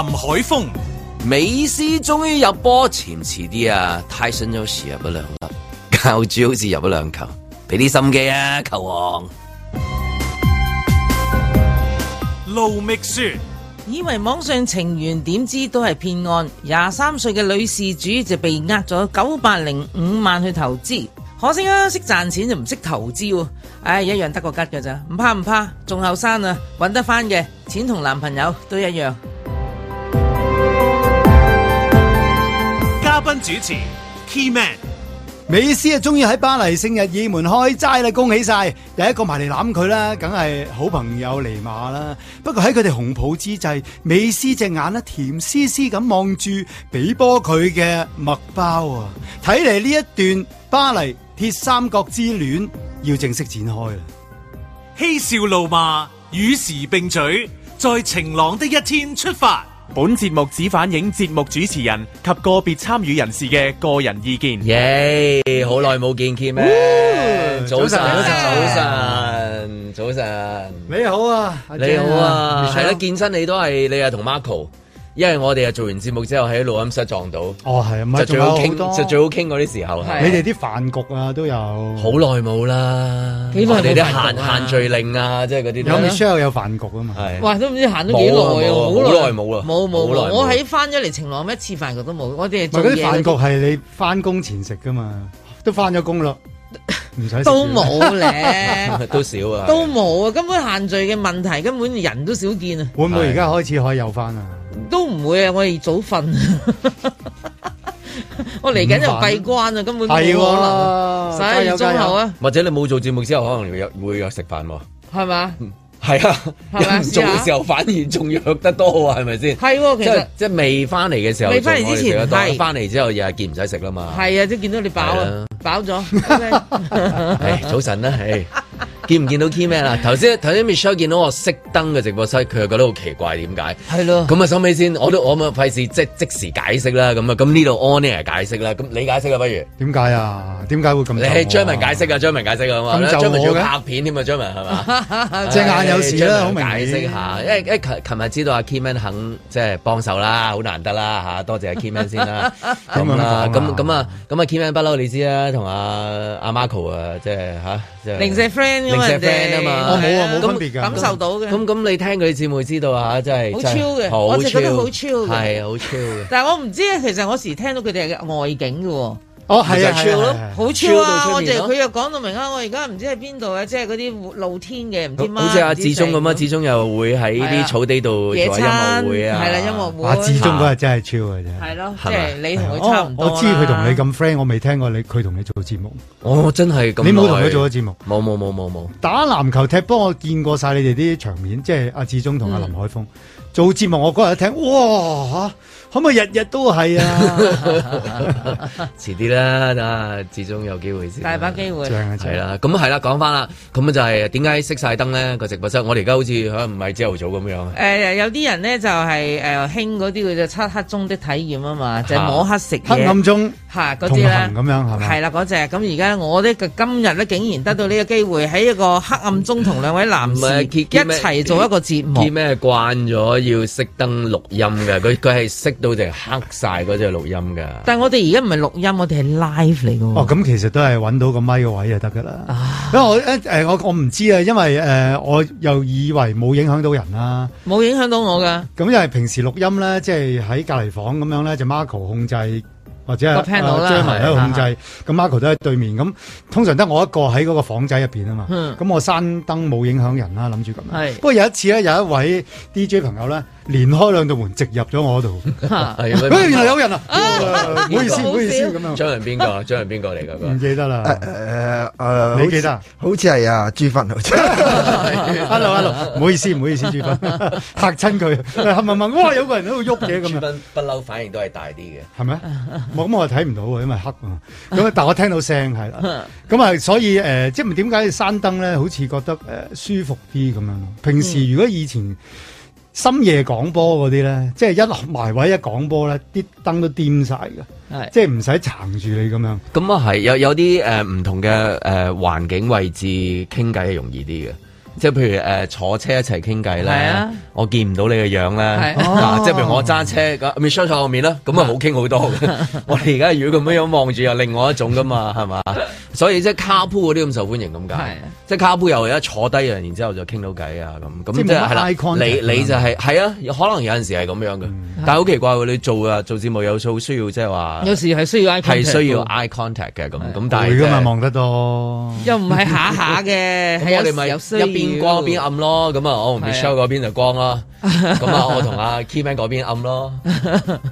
林海峰，美斯終於有波，前遲啲啊！泰森有時入咗兩粒，教主好似入咗兩球，俾啲心機啊，球王。路易斯，以為網上情緣，點知都係騙案。廿三歲嘅女事主就被呃咗九百零五萬去投資，可惜啊，識賺錢就唔識投資喎、啊。唉、哎，一樣得個吉嘅咋？唔怕唔怕，仲後生啊，搵得翻嘅錢同男朋友都一樣。嘉賓主持 Keyman，美斯啊，終於喺巴黎聖日耳門開齋啦！恭喜晒，第一個埋嚟攬佢啦，梗係好朋友尼馬啦。不過喺佢哋紅抱之際，美斯隻眼咧甜絲絲咁望住畀波佢嘅麥包啊！睇嚟呢一段巴黎鐵三角之戀要正式展開啦！嬉笑怒罵與時並取，在晴朗的一天出發。本節目只反映節目主持人及個別參與人士嘅個人意見。耶、yeah，好耐冇見，Kim< 上> Yeah.。早晨，早晨，早晨，早晨。你好啊，你好啊，係咯、啊 ish，健身你都係，你係同 Marco。因為我哋又做完節目之後喺錄音室撞到，哦係，就最好傾，就最好傾嗰啲時候。你哋啲飯局啊都有，好耐冇啦。你哋啲限限聚令啊，即係嗰啲。有咪最後有飯局啊嘛？哇，都唔知行咗幾耐，好耐冇啦。冇冇，我喺翻咗嚟晴朗一次飯局都冇，我哋做嘢。嗰啲飯局係你翻工前食噶嘛？都翻咗工咯，唔使都冇咧，都少啊，都冇啊，根本限聚嘅問題根本人都少見啊。會唔會而家開始可以有翻啊？都唔會啊！我哋早瞓，我嚟緊就閉關啊，根本冇可能。十一月中後啊，或者你冇做節目之後，可能有會有食飯喎？係嘛？係啊，做嘅時候反而仲約得多啊？係咪先？係，其實即係未翻嚟嘅時候，未翻嚟之前，但係翻嚟之後又係見唔使食啦嘛？係啊，即係見到你飽飽咗。唉，早晨啦，係！見唔見到 Keyman 啦？頭先頭先 Michelle 見到我熄燈嘅直播室，佢又覺得好奇怪，點解？係咯。咁啊，收尾先，我都我冇費事即即時解釋啦。咁啊，咁呢度 Onia 解釋啦。咁你解釋啊，不如。點解啊？點解會咁？你 Jammin 解釋啊 Jammin 解釋啊嘛。咁就我拍片添啊 Jammin 係嘛？隻眼有事啦，好解釋下，因為琴日知道阿 Keyman 肯即係幫手啦，好難得啦吓，多謝阿 Keyman 先啦。咁啊咁啊咁啊 Keyman 不嬲你知啦，同阿阿 Marco 啊，即係吓。零舍 friend。人啫嘛，哦，我冇啊，冇分別㗎，感受到嘅。咁咁你聽佢啲姊妹知道啊，真係好超嘅，我一直覺得好超嘅，係好超嘅。 但係我唔知啊，其實我時聽到佢哋係外景㗎喎。哦，係啊，超咯，好超啊！我就佢又講到明啊，我而家唔知喺邊度啊，即係嗰啲露天嘅，唔知乜。好似阿志忠咁啊，志忠又會喺啲草地度做音樂會啊。係啦，音樂會。阿志忠嗰日真係超嘅啫。係咯，即係你同佢差唔多。我知佢同你咁 friend，我未聽過你佢同你做節目。我真係咁。你冇同佢做咗節目？冇冇冇冇冇。打籃球、踢波，我見過晒你哋啲場面。即係阿志忠同阿林海峰。做節目，我嗰日一聽，哇！可唔可以日日都係啊？遲啲啦，啊，始終有機會先。大把機會，會。係啦，咁係啦，講翻啦，咁就係點解熄晒燈咧？個直播室，我哋而家好似可能唔係朝頭早咁樣。誒、呃，有啲人咧就係、是、誒，興嗰啲叫做漆黑中的體驗啊嘛，就係、是、摸黑食嘢，黑暗中吓，嗰啲咧。咁、那個、樣係係啦，嗰隻。咁而家我哋今日咧，竟然得到呢個機會，喺一個黑暗中同兩位男士一齊做一個節目。啲咩慣咗要熄燈錄音嘅？佢佢係熄。到就黑晒嗰隻錄音噶，但係我哋而家唔係錄音，我哋係 live 嚟噶。哦，咁其實都係揾到個咪個位就得噶啦。啊、因為我咧誒、呃，我我唔知啊，因為誒、呃，我又以為冇影響到人啦、啊，冇影響到我噶。咁因為平時錄音咧，即係喺隔離房咁樣咧，就 Marco 控制。或者係 Jamil 喺度控制，咁 Marco 都喺對面。咁通常得我一個喺嗰個房仔入邊啊嘛。咁我山燈冇影響人啦，諗住咁。不過有一次咧，有一位 DJ 朋友咧，連開兩道門直入咗我度。係，原來有人啊，唔好意思，唔好意思咁樣。張人邊個？張人邊個嚟噶？唔記得啦。誒誒，你記得？好似係啊，朱芬，Hello，Hello，唔好意思，唔好意思，朱芬嚇親佢，問問哇，有個人喺度喐嘅咁。朱不嬲，反應都係大啲嘅，係咪？我咁我睇唔到啊，因為黑啊。咁但我聽到聲係啦。咁啊， 所以誒、呃，即係點解山燈閂燈咧，好似覺得誒、呃、舒服啲咁樣。平時如果以前深夜廣播嗰啲咧，嗯、即係一埋位一廣播咧，啲燈都掂晒㗎，是即係唔使撐住你咁樣。咁啊係，有有啲誒唔同嘅誒環境位置傾偈係容易啲嘅。即係譬如誒坐車一齊傾偈咧，我見唔到你嘅樣咧，即係譬如我揸車咁，面相坐我面啦，咁啊冇傾好多我哋而家如果咁樣望住，又另外一種噶嘛，係嘛？所以即係卡 o 嗰啲咁受歡迎咁解，即係卡 o 又一坐低啊，然之後就傾到偈啊咁，咁即係你你就係係啊，可能有陣時係咁樣嘅，但係好奇怪你做啊做節目有冇需要即係話？有時係需要 eye contact 需要 eye contact 嘅咁咁，但係而家咪望得多，又唔係下下嘅，我哋咪有光嗰邊暗咯，咁啊我同 Michelle 嗰邊就光咯，咁啊那我同阿 Keyman 嗰邊暗咯，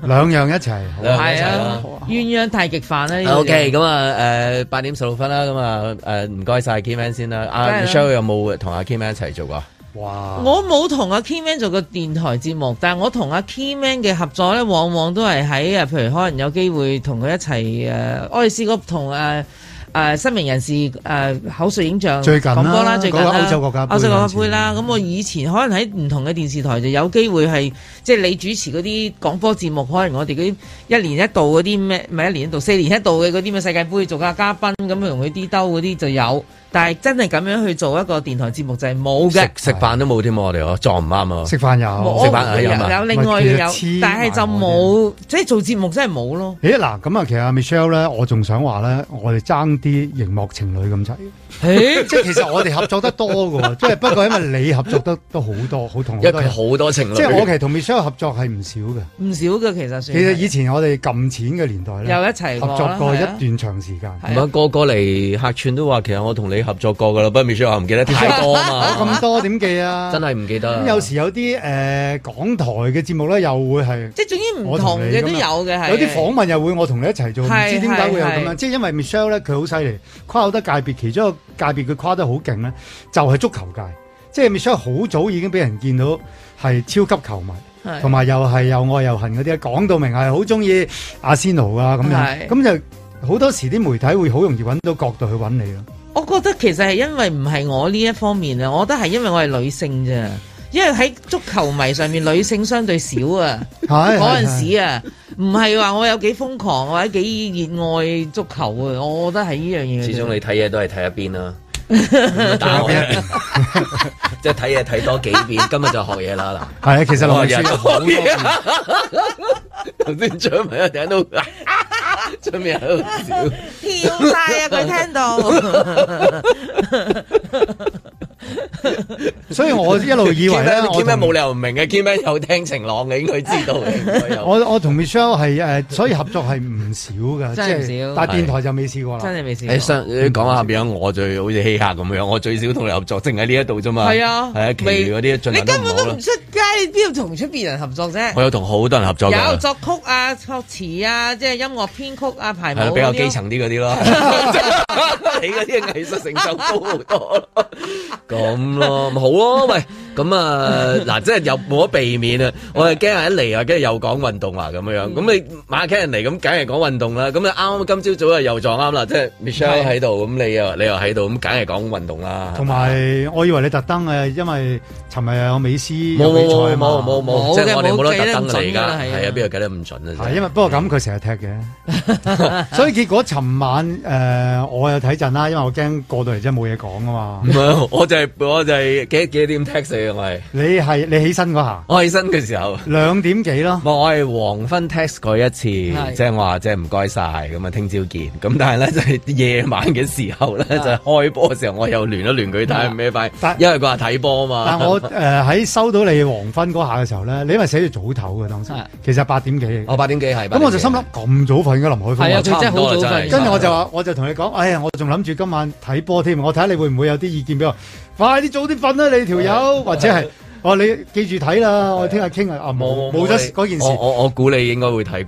兩 樣一齊，兩樣一齊咯，鴛鴦太極飯咧。OK，咁啊，誒八點十六分啦，咁、呃、啊，誒唔該晒 Keyman 先啦。阿 Michelle 有冇同阿 Keyman 一齊做啊？哇！我冇同阿 Keyman 做過電台節目，但係我同阿 Keyman 嘅合作咧，往往都係喺誒，譬如可能有機會同佢一齊誒、呃，我哋試過同誒。呃誒失明人士誒、呃、口述影像，最近，咁多啦，啦，最近歐洲國家，歐洲國家杯啦。咁我以前可能喺唔同嘅電視台就有機會係，嗯、即係你主持嗰啲廣播節目，可能我哋嗰啲一年一度嗰啲咩，唔係一年一度，四年一度嘅嗰啲咩世界盃做下嘉賓，咁用佢啲兜嗰啲就有。但係真係咁樣去做一個電台節目就係冇嘅，食飯都冇添，我哋哦撞唔啱啊！食飯有，食飯有，有另外有，但係就冇，即係做節目真係冇咯。誒嗱，咁啊，其實 Michelle 咧，我仲想話咧，我哋爭啲熒幕情侶咁滯。誒，即係其實我哋合作得多嘅喎，即係不過因為你合作得都好多，好同好多情侶。即係我其實同 Michelle 合作係唔少嘅，唔少嘅其實。其實以前我哋撳錢嘅年代咧，又一齊合作過一段長時間，唔係個個嚟客串都話其實我同你。你合作過噶啦，不過 Michelle 唔記得太多嘛，咁 多點記得啊？真係唔記得。咁有時有啲誒、呃、港台嘅節目咧，又會係即係總之唔同嘅都有嘅，係有啲訪問又會我同你一齊做，唔的知點解會有咁樣？的即係因為 Michelle 咧，佢好犀利，跨好多界別，其中一個界別佢跨得好勁咧，就係、是、足球界。即係 Michelle 好早已經俾人見到係超級球迷，同埋的又係又愛又恨嗰啲，講到明係好中意阿仙奴啊咁樣，咁的就好多時啲媒體會好容易揾到角度去揾你啊。我覺得其實係因為唔係我呢一方面啊，我覺得係因為我係女性啫，因為喺足球迷上面 女性相對少啊。係嗰陣時啊，唔係話我有幾瘋狂或者幾熱愛足球啊，我覺得係呢樣嘢。始終你睇嘢都係睇一邊啦。即係睇嘢睇多幾遍，今日就學嘢啦嗱。係啊，其實學嘢好嘢。頭先出面一聽到，出面好笑，跳晒啊！佢聽到。所以我一路以為咧，我聽咩冇理由唔明嘅，聽咩有聽情郎嘅，應該知道嘅。我我同 Michelle 係誒，所以合作係唔少噶，真係唔少。但電台就未試過啦，真係未試。你講下邊樣我最好似。咁樣，我最少同你合作，淨喺呢一度啫嘛。係啊，係啊，其餘嗰啲盡量。你根本都唔出街，你邊度同出邊人合作啫？我有同好多人合作嘅。有作曲啊、作詞啊，即係音樂編曲啊、排舞啲、啊啊。比較基層啲嗰啲咯， 你嗰啲藝術成就高好多。咁 咯、啊，好咯、啊，喂。咁 啊，嗱，即係又冇得避免啊！我係驚下一嚟啊，跟住又講運動啊。咁樣樣。咁你馬卡尼嚟，咁梗係講運動啦。咁你啱啱今朝早啊又撞啱啦，即係 Michelle 喺度，咁你又你又喺度，咁梗係講運動啦。同埋有，吧我以為你特登誒，因為。係咪啊？我美斯冇冇冇冇，即係我哋冇得特登嚟噶。係啊，邊度計得咁準啊？因為不過咁佢成日踢嘅，所以結果尋晚誒，我又睇陣啦因為我驚過到嚟真係冇嘢講啊嘛。我就係我就係幾幾點 text 你係咪？你係你起身嗰下，我起身嘅時候兩點幾咯。我係黃昏 text 佢一次，即係話即係唔該晒。咁啊，聽朝見。咁但係咧就係夜晚嘅時候咧就係開波嘅時候，我又聯一聯佢睇咩牌，因為佢話睇波啊嘛。誒，喺、呃、收到你黃昏嗰下嘅時候咧，你因為寫住早唞嘅當時，其實八點幾，我八的、哦、點幾係。咁我就心諗咁早瞓嘅林海峰，係啊，差唔多,差唔多真係。跟住我就話，我就同你講，哎呀，我仲諗住今晚睇波添，我睇下你會唔會有啲意見俾我，快啲早啲瞓啦你條友，的或者係。哦，你記住睇啦，我聽下傾啊！哦，冇冇咗嗰件事。我我我估你應該會睇啩。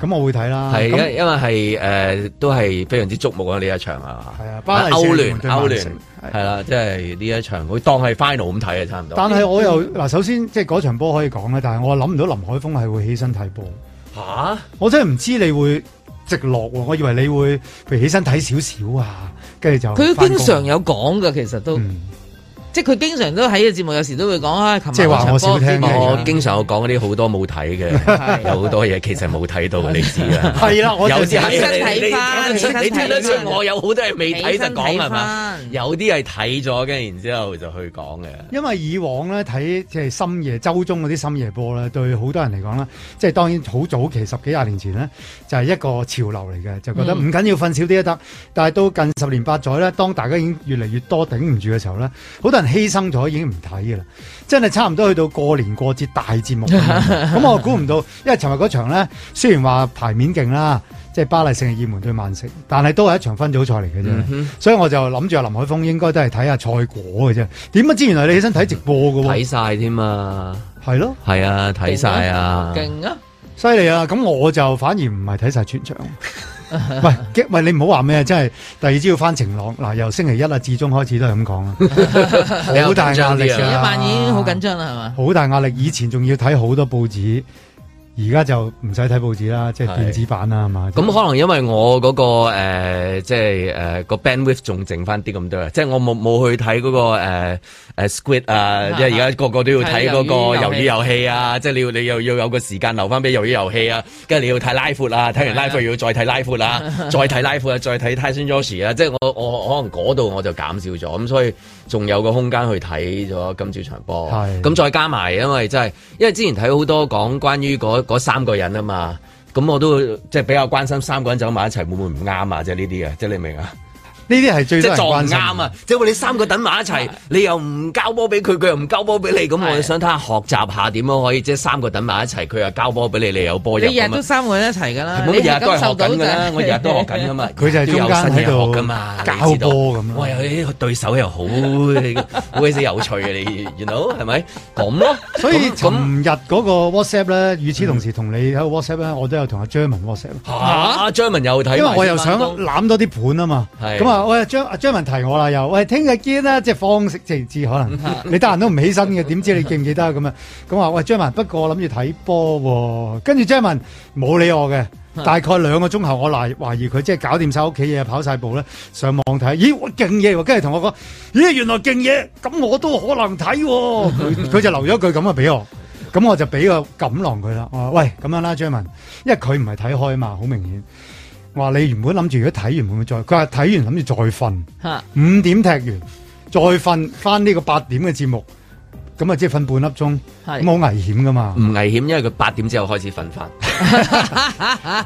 咁我會睇啦。係因為係誒，都係非常之矚目啊！呢一場啊，係啊，歐聯歐聯係啦，即係呢一場，會當係 final 咁睇啊，差唔多。但係我又嗱，首先即係嗰場波可以講咧，但係我諗唔到林海峰係會起身睇波。吓！我真係唔知你會直落，我以為你會譬如起身睇少少啊，跟住就。佢都經常有講噶，其實都。即係佢經常都喺個節目，有時都會講啊。即係話我少聽我經常我講嗰啲好多冇睇嘅。 有好多嘢其實冇睇到，你知呀，係啦， 我有時係你聽得，得出我有好多嘢未睇就講係嘛？有啲係睇咗嘅，然之後就去講嘅。因為以往咧睇即係深夜周中嗰啲深夜波咧，對好多人嚟講啦，即係當然好早期十幾廿年前咧，就係、是、一個潮流嚟嘅，就覺得唔緊要瞓少啲都得。但係到近十年八載咧，當大家已經越嚟越多頂唔住嘅時候咧，好多人。犧牲咗已經唔睇噶啦，真係差唔多去到過年過節大節目咁。 我估唔到，因為尋日嗰場咧，雖然話牌面勁啦，即係巴黎聖日門對曼城，但係都係一場分組賽嚟嘅啫。嗯、哼所以我就諗住林海峰應該都係睇下賽果嘅啫。點不知原來你起身睇直播噶喎？睇晒添啊，係咯，係啊，睇晒啊，勁啊，犀利啊！咁、啊啊啊、我就反而唔係睇晒全場。喂 喂，你唔好話咩，真係第二朝要翻晴朗，嗱，由星期一啊至終開始都係咁講啊，好 大壓力啊，一萬已經好緊張啦，係嘛，好大壓力，以前仲要睇好多報紙。而家就唔使睇報紙啦，即、就、係、是、電子版啦，嘛是？咁吧可能因為我嗰、那個即係誒個 bandwidth 仲剩翻啲咁多，即、就、係、是、我冇冇去睇嗰、那個誒、呃啊、Squid 啊！即係而家個個都要睇嗰個魷魚遊戲啊！即係的、啊就是、你要你又要，要有個時間留翻俾魷魚遊戲啊，跟住你要睇 live 闊啦，睇完 live 闊要再睇 live 闊啦再睇 live 闊啊， 啊，再睇 Tyson Yoshi 啊！即、就、係、是、我我可能嗰度我就減少咗咁，所以。仲有個空間去睇咗今朝場波，咁係再加埋，因為真係，因為之前睇好多講關於嗰嗰三個人啊嘛，咁我都即係比較關心三個人走埋一齊會唔會唔啱啊？即係呢啲啊，即係你明啊？呢啲係最即係撞啱啊！即係話你三個等埋一齊，你又唔交波俾佢，佢又唔交波俾你，咁我哋想睇下學習下點樣可以即係三個等埋一齊，佢又交波俾你，你有波入。日日都三個一齊噶啦，我日日都學緊噶啦，我日日都學緊噶嘛，佢就係中間喺度交波咁。喂！對手又好，好鬼死有趣嘅你，You know，係咪？咁咯，所以尋日嗰個 WhatsApp 咧，與此同時同你喺個 WhatsApp 咧，我都有同阿 Jeremy WhatsApp。吓，阿 Jeremy 又睇，因為我又想攬多啲盤啊嘛。咁喂，又張阿張文提我啦，又喂聽日見啦，即係方式。情節可能，你得閒都唔起身嘅，點知你記唔記得咁啊？咁話喂張文， 不過我諗住睇波，跟住張文冇理我嘅，大概兩個鐘後，我懷疑佢即係搞掂晒屋企嘢，跑晒步咧，上網睇，咦哇勁嘢喎，跟住同我講，咦原來勁嘢，咁我都可能睇、啊，佢佢就留咗句咁啊俾我，咁我就俾個錦囊佢啦。哦，喂，咁樣啦，張文，因為佢唔係睇開嘛，好明顯。話你原本諗住如果睇完會唔會再？佢話睇完諗住再瞓，五點踢完再瞓翻呢個八點嘅節目。咁啊，即係瞓半粒鐘，咁好危險噶嘛？唔危險，因為佢八點之後開始瞓翻。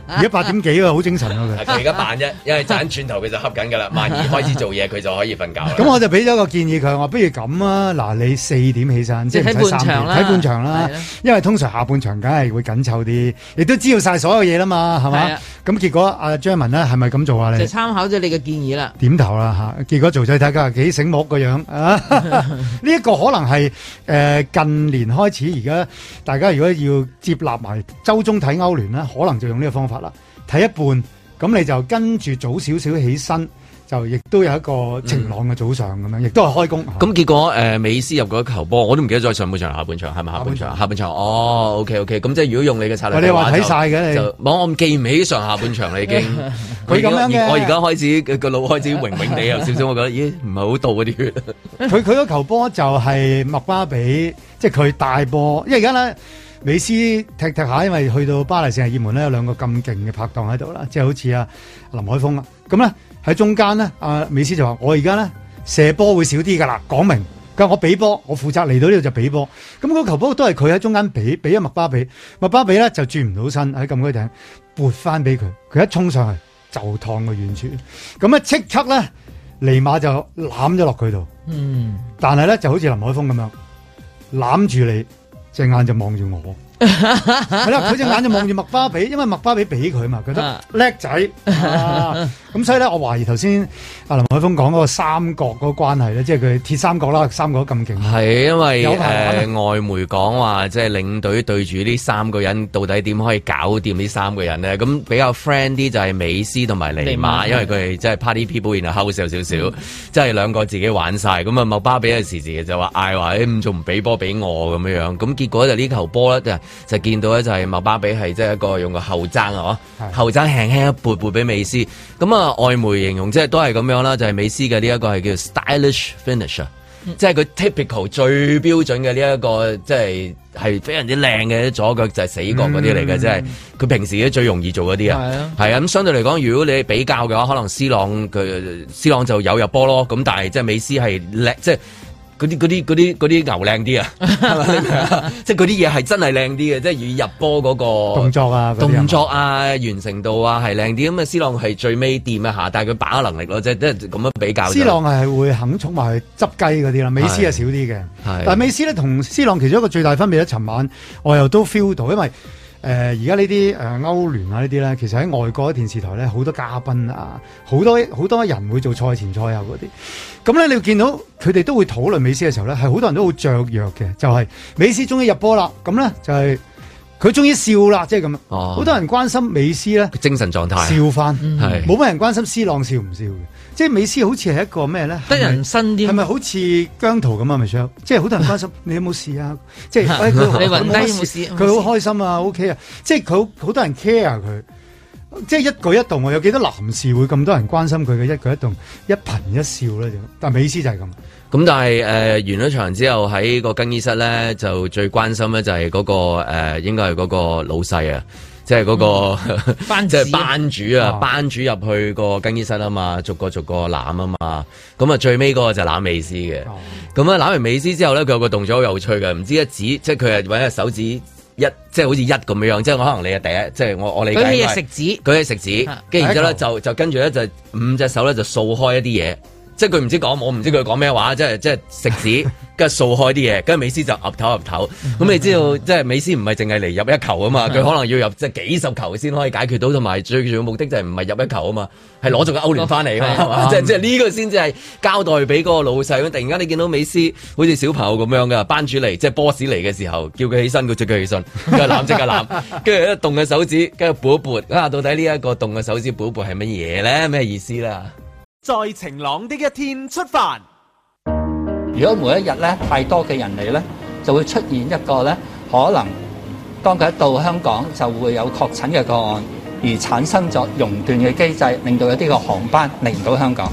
而家八點幾啊，好精神啊佢。佢而家扮啫，因為盞轉頭佢就恰緊噶啦，萬一開始做嘢佢就可以瞓覺。咁我就俾咗個建議佢，我不如咁啊，嗱你四點起身，即係睇三點，睇半場啦。因為通常下半場梗係會緊湊啲，亦都知道晒所有嘢啦嘛，係嘛？咁結果阿張文咧係咪咁做啊？你就參考咗你嘅建議啦。點頭啦吓，結果做仔睇下幾醒目個樣啊？呢一個可能係。呃、近年開始，而家大家如果要接納埋週中睇歐聯咧，可能就用呢個方法啦。睇一半，咁你就跟住早少少起身。就亦都有一個晴朗嘅早上咁樣，亦都係開工。咁結果誒，美斯入嗰球波，我都唔記得咗上半場、下半場係咪下半場？下半場哦，OK OK，咁即係如果用你嘅策略，我哋話睇晒嘅你，冇，我唔記唔起上下半場啦，已經。佢咁樣我而家開始個個腦開始暈暈地，有少少，我覺得咦，唔係好到嗰啲血。佢佢球波就係麥巴比，即係佢大波，因為而家呢，美斯踢踢下，因為去到巴黎聖日耳門呢，有兩個咁勁嘅拍檔喺度啦，即係好似啊林海峰啦，咁咧。喺中間咧，阿、啊、美斯就話我而家咧射波會少啲噶啦，講明。佢話我俾波，我負責嚟到呢度就俾波。咁、那、嗰、個、球波都係佢喺中間俾，俾咗麥巴比，麥巴比咧就轉唔到身喺咁高頂撥翻俾佢，佢一衝上去，就燙個遠處。咁一即刻咧，尼馬就攬咗落佢度，嗯，但係咧就好似林海峰咁樣攬住你，隻眼就望住我。係啦，佢隻 眼就望住麥巴比，因為麥巴比俾佢嘛，佢都叻仔，咁所以咧，我懷疑頭先阿林海峰講嗰個三角嗰個關係咧，即係佢鐵三角啦，三角咁勁。係因為誒、欸呃、外媒講話，即、就、係、是、領隊對住呢三個人，到底點可以搞掂呢三個人呢？咁比較 friend 啲就係美斯同埋尼馬，嗯、因為佢哋即係 party people，然後後少，少少，即係兩個自己玩晒，咁啊麥巴比啊時時就話嗌話，誒咁仲唔俾波俾我咁樣樣？咁結果就呢球波咧就見到咧，就係莫巴比係即係一個用個後踭啊，嗬，後踭輕輕一撥撥俾美斯。咁啊，外媒形容即係都係咁樣啦，就係、是、美斯嘅呢一個係叫 stylish finish，即係佢、嗯、typical 最標準嘅呢一個，即係係非常之靚嘅左腳就係死角嗰啲嚟嘅，即係佢平時最容易做嗰啲啊。係啊、嗯，啊。咁相對嚟講，如果你比較嘅話，可能斯朗佢斯朗就有入波咯。咁但係即係美斯係叻，即、就是嗰啲嗰啲嗰啲啲牛靚啲啊，即係嗰啲嘢係真係靚啲嘅，即係與入波嗰個動作啊動作啊完成度啊係靚啲，咁啊 C 朗係最尾掂一下，但係佢把握能力咯，即係咁樣比較。C 朗係會肯衝埋去執雞嗰啲啦，美斯係少啲嘅。但美斯咧同 C 朗其中一個最大分別咧，尋晚我又都 feel 到，因為。誒，而家呢啲誒歐聯啊呢啲咧，其實喺外國嘅電視台咧，好多嘉賓啊，好多好多人會做賽前賽後嗰啲。咁咧你會見到佢哋都會討論美斯嘅時候咧，係好多人都好雀躍嘅，就係、是、美斯終於入波啦，咁咧就係佢終於笑啦，即係咁哦，好多人關心美斯咧，精神狀態笑翻，係冇乜人關心斯朗笑唔笑嘅。即係美斯好似係一個咩咧？得人心啲係咪？是是好似姜濤咁啊，咪想即係好多人關心 你有冇事啊！即係，哎佢，你暈低有冇事？佢好開心啊，事開心啊，OK 啊！即係佢好多人 care 佢、啊，即係一舉一動，我有幾多男士會咁多人關心佢嘅一舉一動，一顰一笑咧就。但係美斯就係咁。咁但係誒、呃，完咗場之後喺個更衣室咧，就最關心咧就係嗰、那個誒、呃，應該係嗰個老細啊。即係嗰、那個即係、嗯、班， 班主啊，班主入去個更衣室啊嘛，逐個逐個攬啊嘛，咁啊最尾嗰個就攬美斯嘅，咁啊攬完美斯之後咧，佢有個動作好有趣嘅，唔知一指即係佢係揾隻手指一即係好似一咁樣，即係我可能你係第一，即係我我理解。佢係食指，佢係食指，跟住、啊、然之後咧頭就就跟住咧就五隻手咧就掃開一啲嘢。即係佢唔知講，我唔知佢講咩話。即係即係食指跟住掃開啲嘢，跟住美斯就岌頭岌頭。咁 你知道，即係美斯唔係淨係嚟入一球啊嘛？佢可能要入即係幾十球先可以解決到，同埋最重要的目的就係唔係入一球啊嘛？係攞咗個歐聯翻嚟啊嘛？即係即係呢個先至係交代俾個老細。咁突然間你見到美斯好似小朋友咁樣噶，班主嚟，即係 boss 嚟嘅時候，叫佢起身，佢即刻起身。個攬即係攬，跟住一動嘅手指，跟住撥撥。啊，到底呢一個動嘅手指撥撥係乜嘢咧？咩意思啦？在晴朗的一天出發。如果每一日呢太多嘅人嚟呢，就會出現一個呢，可能當佢一到香港就會有確診嘅個案，而產生咗熔斷嘅機制，令到有啲個航班嚟唔到香港。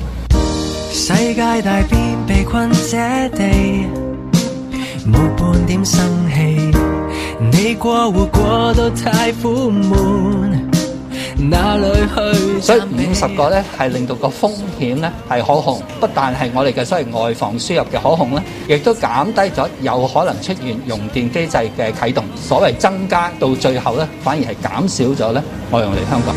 所以五十個咧，係令到個風險咧係可控，不但係我哋嘅所謂外防輸入嘅可控咧，亦都減低咗有可能出現熔斷機制嘅啟動。所謂增加到最後咧，反而係減少咗咧外傭嚟香港。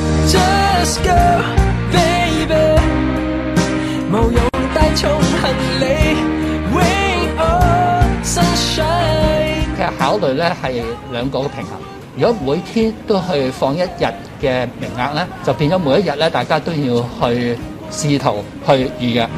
其實係考慮咧係兩個嘅平衡。如果每天都去放一日嘅名額咧，就變咗每一日咧，大家都要去試圖去預約。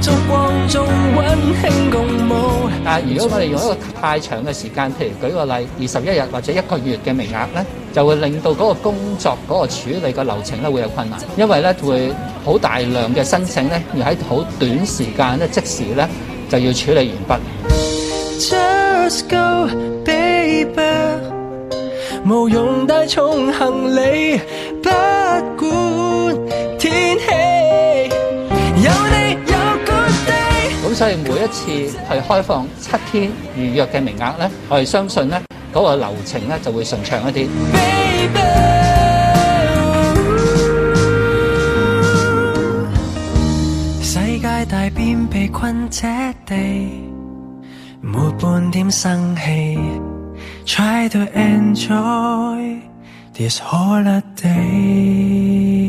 燭光中温馨共舞。但如果我哋用一個太長嘅時間，譬如舉個例，二十一日或者一個月嘅名額咧，就會令到嗰個工作嗰個處理嘅流程咧，會有困難，因為咧會好大量嘅申請咧，要喺好短時間咧即時咧就要處理完畢。Just go, baby，無用帶重行李，不管天氣。所以每一次去開放七天預約嘅名額呢，我哋相信呢嗰個流程呢就會順暢一啲。世界大變，被困這地，冇半點生氣。Try to enjoy this holiday。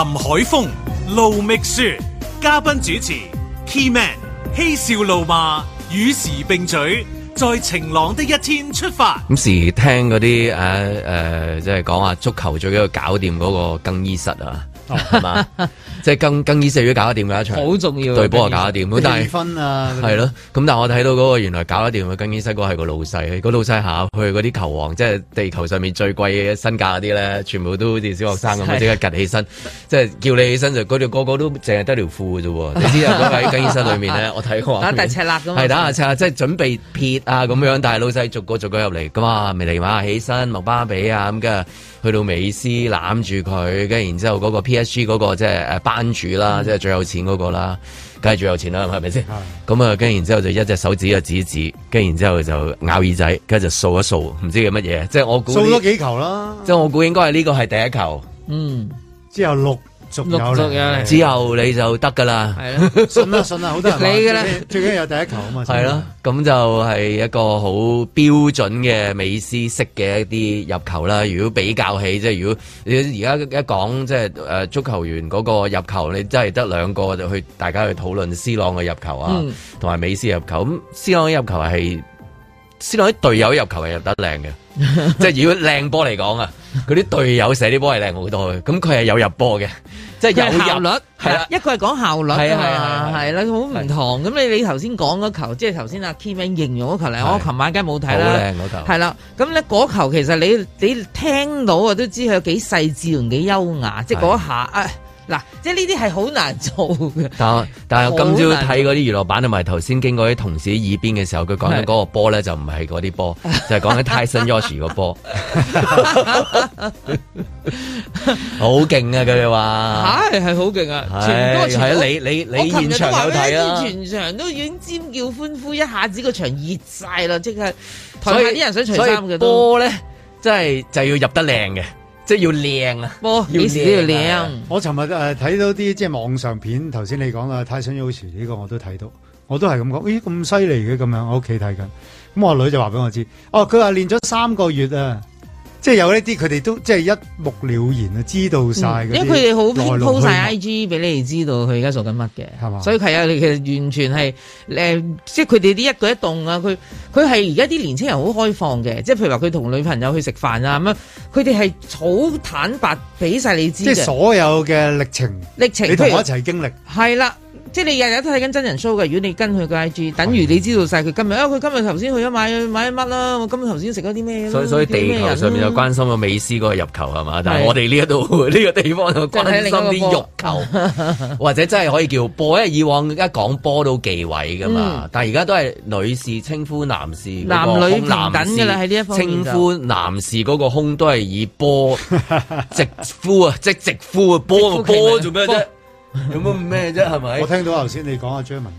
林海峰、盧覓雪，嘉賓主持，Key Man，嬉笑怒罵，與時並舉，在晴朗的一天出發。咁時聽嗰啲誒誒，即係講話足球最緊要搞掂嗰個更衣室啊！係嘛，即係更更衣室都搞得掂嘅一場，好重要。對波搞得掂咯，但係分啊，係咯。咁但係我睇到嗰個原來搞得掂嘅更衣室哥係個老細，個老細下去嗰啲球王，即係地球上面最貴嘅身價嗰啲咧，全部都好似小學生咁，即刻吉起身，即係叫你起身就佢哋個個，個個都淨係得條褲嘅啫。你知啊，嗰個喺更衣室裏面咧，我睇過打大赤肋嘅嘛，係打赤即係準備撇啊咁樣。但係老細逐個逐個入嚟嘅嘛，未尼瑪起身落巴比啊咁跟住去到美斯攬住佢，跟然之後嗰個，P 嗰個即係誒，班主啦，即係、嗯、最有錢嗰個啦，梗係最有錢啦，係咪先？咁啊，跟然之後就一隻手指啊指一指，跟然之後就咬耳仔，跟住就掃一掃，唔知係乜嘢？即係我估掃多幾球啦，即係我估應該係呢個係第一球。嗯，之後六。六之後你就得噶啦，係信啦信啦，好多人你嘅咧，最緊要有第一球啊嘛，係咯的，咁就係一個好標準嘅美斯式嘅一啲入球啦。如果比較起即係，如果你而家一講即係誒、呃、足球員嗰個入球，你真係得兩個就去大家去討論 C 朗嘅入球啊，同埋、嗯、美斯入球。咁 C 朗入球係 C 朗啲隊友入球係入得靚嘅。即係如果靚波嚟講啊，嗰啲隊友射啲波係靚好多嘅，咁佢係有入波嘅，即係有效率係啦。一個係講效率，係啊係啦，好唔同。咁你你頭先講嗰球，即係頭先阿 Kevin 形容嗰球嚟，我琴晚梗冇睇啦，球，係啦。咁咧嗰球其實你你聽到啊都知佢幾細緻同幾優雅，即係嗰下啊。嗱，即係呢啲係好難做嘅。但係但係，我今朝睇嗰啲娛樂版，同埋頭先經過啲同事耳邊嘅時候，佢講嘅嗰個波咧就唔係嗰啲波，就係講緊泰森 Yoshi 個波，好勁啊！佢哋話係係好勁啊！全係你你你，我琴日都全場都已經尖叫歡呼，一下子個場熱晒啦！即係台下啲人想除衫嘅波咧，真係就要入得靚嘅。即是要靚啊，幾、啊、時都要靚。我尋日誒睇到啲即係網上片，頭先你講啊，Tyson Yoshi 呢個我都睇到，我都係咁講，咦咁犀利嘅，咁樣，我屋企睇緊。咁我女就話俾我知，哦，佢話練咗三個月啊。即係有呢啲，佢哋都即係一目了然啊，知道晒、嗯。因為佢哋好鋪晒 IG 俾你哋知道佢而家做緊乜嘅，係嘛吧？所以係啊，你其實完全係誒、呃，即係佢哋啲一舉一動啊，佢佢係而家啲年青人好開放嘅，即係譬如話佢同女朋友去食飯啊咁樣，佢哋係好坦白俾晒你知道。即係所有嘅歷程，歷程你同我一齊經歷。係啦。是即係你日日都睇緊真人 show 嘅，如果你跟佢個 I G，等於你知道晒佢今日啊，佢今日頭先去咗買買乜啦，我今日頭先食咗啲咩？所以所以地球上面就關心個美斯嗰個入球係嘛，但係我哋呢一度呢個地方就關心啲肉球，或者真係可以叫波，因為以往而家講波都忌諱噶嘛，但係而家都係女士稱呼男士，男女平等噶啦喺呢一方面稱呼男士嗰個胸都係以波直呼啊，即係直呼啊，波波做咩啫？有乜咩啫？係咪？我聽到頭先你講阿張文。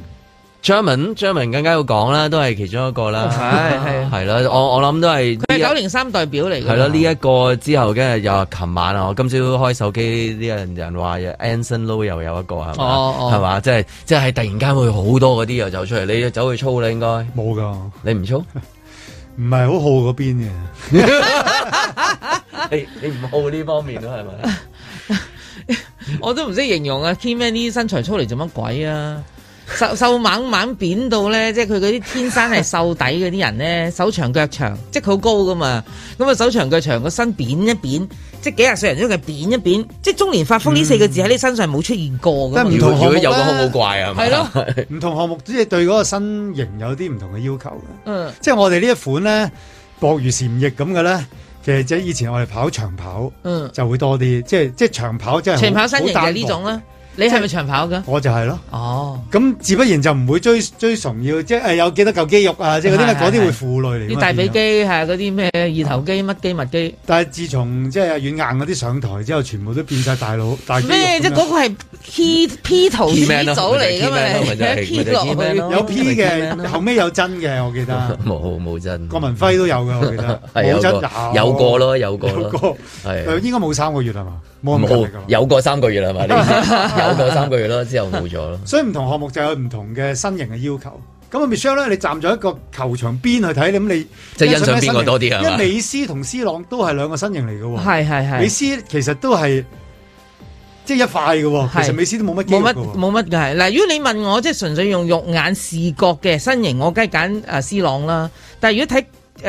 張文，張文更加要講啦，都係其中一個啦，係係，係啦。我我諗都係佢係九零三代表嚟嘅。係啦，呢一個之後，跟住又話琴晚啊，我今朝開手機呢個人話 Anson Low 又有一個係咪？哦哦，係嘛？即係即係突然間會好多嗰啲又走出嚟，你走去操啦，應該冇噶，你唔操，唔係好好嗰邊嘅，你你唔好呢方面咯，係咪？ 我都唔識形容啊 Keyman 呢啲身材粗嚟做乜鬼啊？ 瘦瘦猛猛扁到咧，即係佢嗰啲天生係瘦底嗰啲人咧， 手長腳長，即係好高噶嘛。咁啊，手長腳長個身扁一扁，即係幾廿歲人中嘅扁一扁，即係中年發福呢四個字喺你身上冇出現過嘛、嗯。但係唔同項目咧，係咯，唔、嗯、唔同項目只係對嗰個身形有啲唔同嘅要求嘅。 即係我哋呢一款咧，薄如蟬翼咁嘅咧。其實即係以前我哋跑長跑，就會多啲、嗯。即係即係長跑真係好大呢種啦。你係咪長跑噶？我就係咯。哦，咁自不然就唔會追追崇要，即係有幾多嚿肌肉啊？即係嗰啲嗰啲會負累嚟。嘅。大髀肌係嗰啲咩二頭肌乜肌乜肌？但係自從即係軟硬嗰啲上台之後，全部都變晒大佬大肌肉。咩即係嗰個係 P P 圖 P 組嚟嘅咩？P 落去有 P 嘅，後尾有真嘅，我記得。冇冇真？郭文輝都有嘅，我記得。有真。有過咯，有過咯，應該冇三個月係嘛？冇有過三個月係嘛？過三個月咯，之後冇咗咯。 所以唔同項目就有唔同嘅身形嘅要求。咁啊，Michelle 咧，你站咗一個球場邊去睇，咁你即係欣賞邊個多啲啊？因為美斯同 C 朗都係兩個身形嚟嘅喎。係係係。美斯其實都係即係一塊嘅，是是其實美斯都冇乜冇乜冇乜嘅係。嗱，如果你問我即係純粹用肉眼視覺嘅身形，我梗係揀啊 C 朗啦。但係如果睇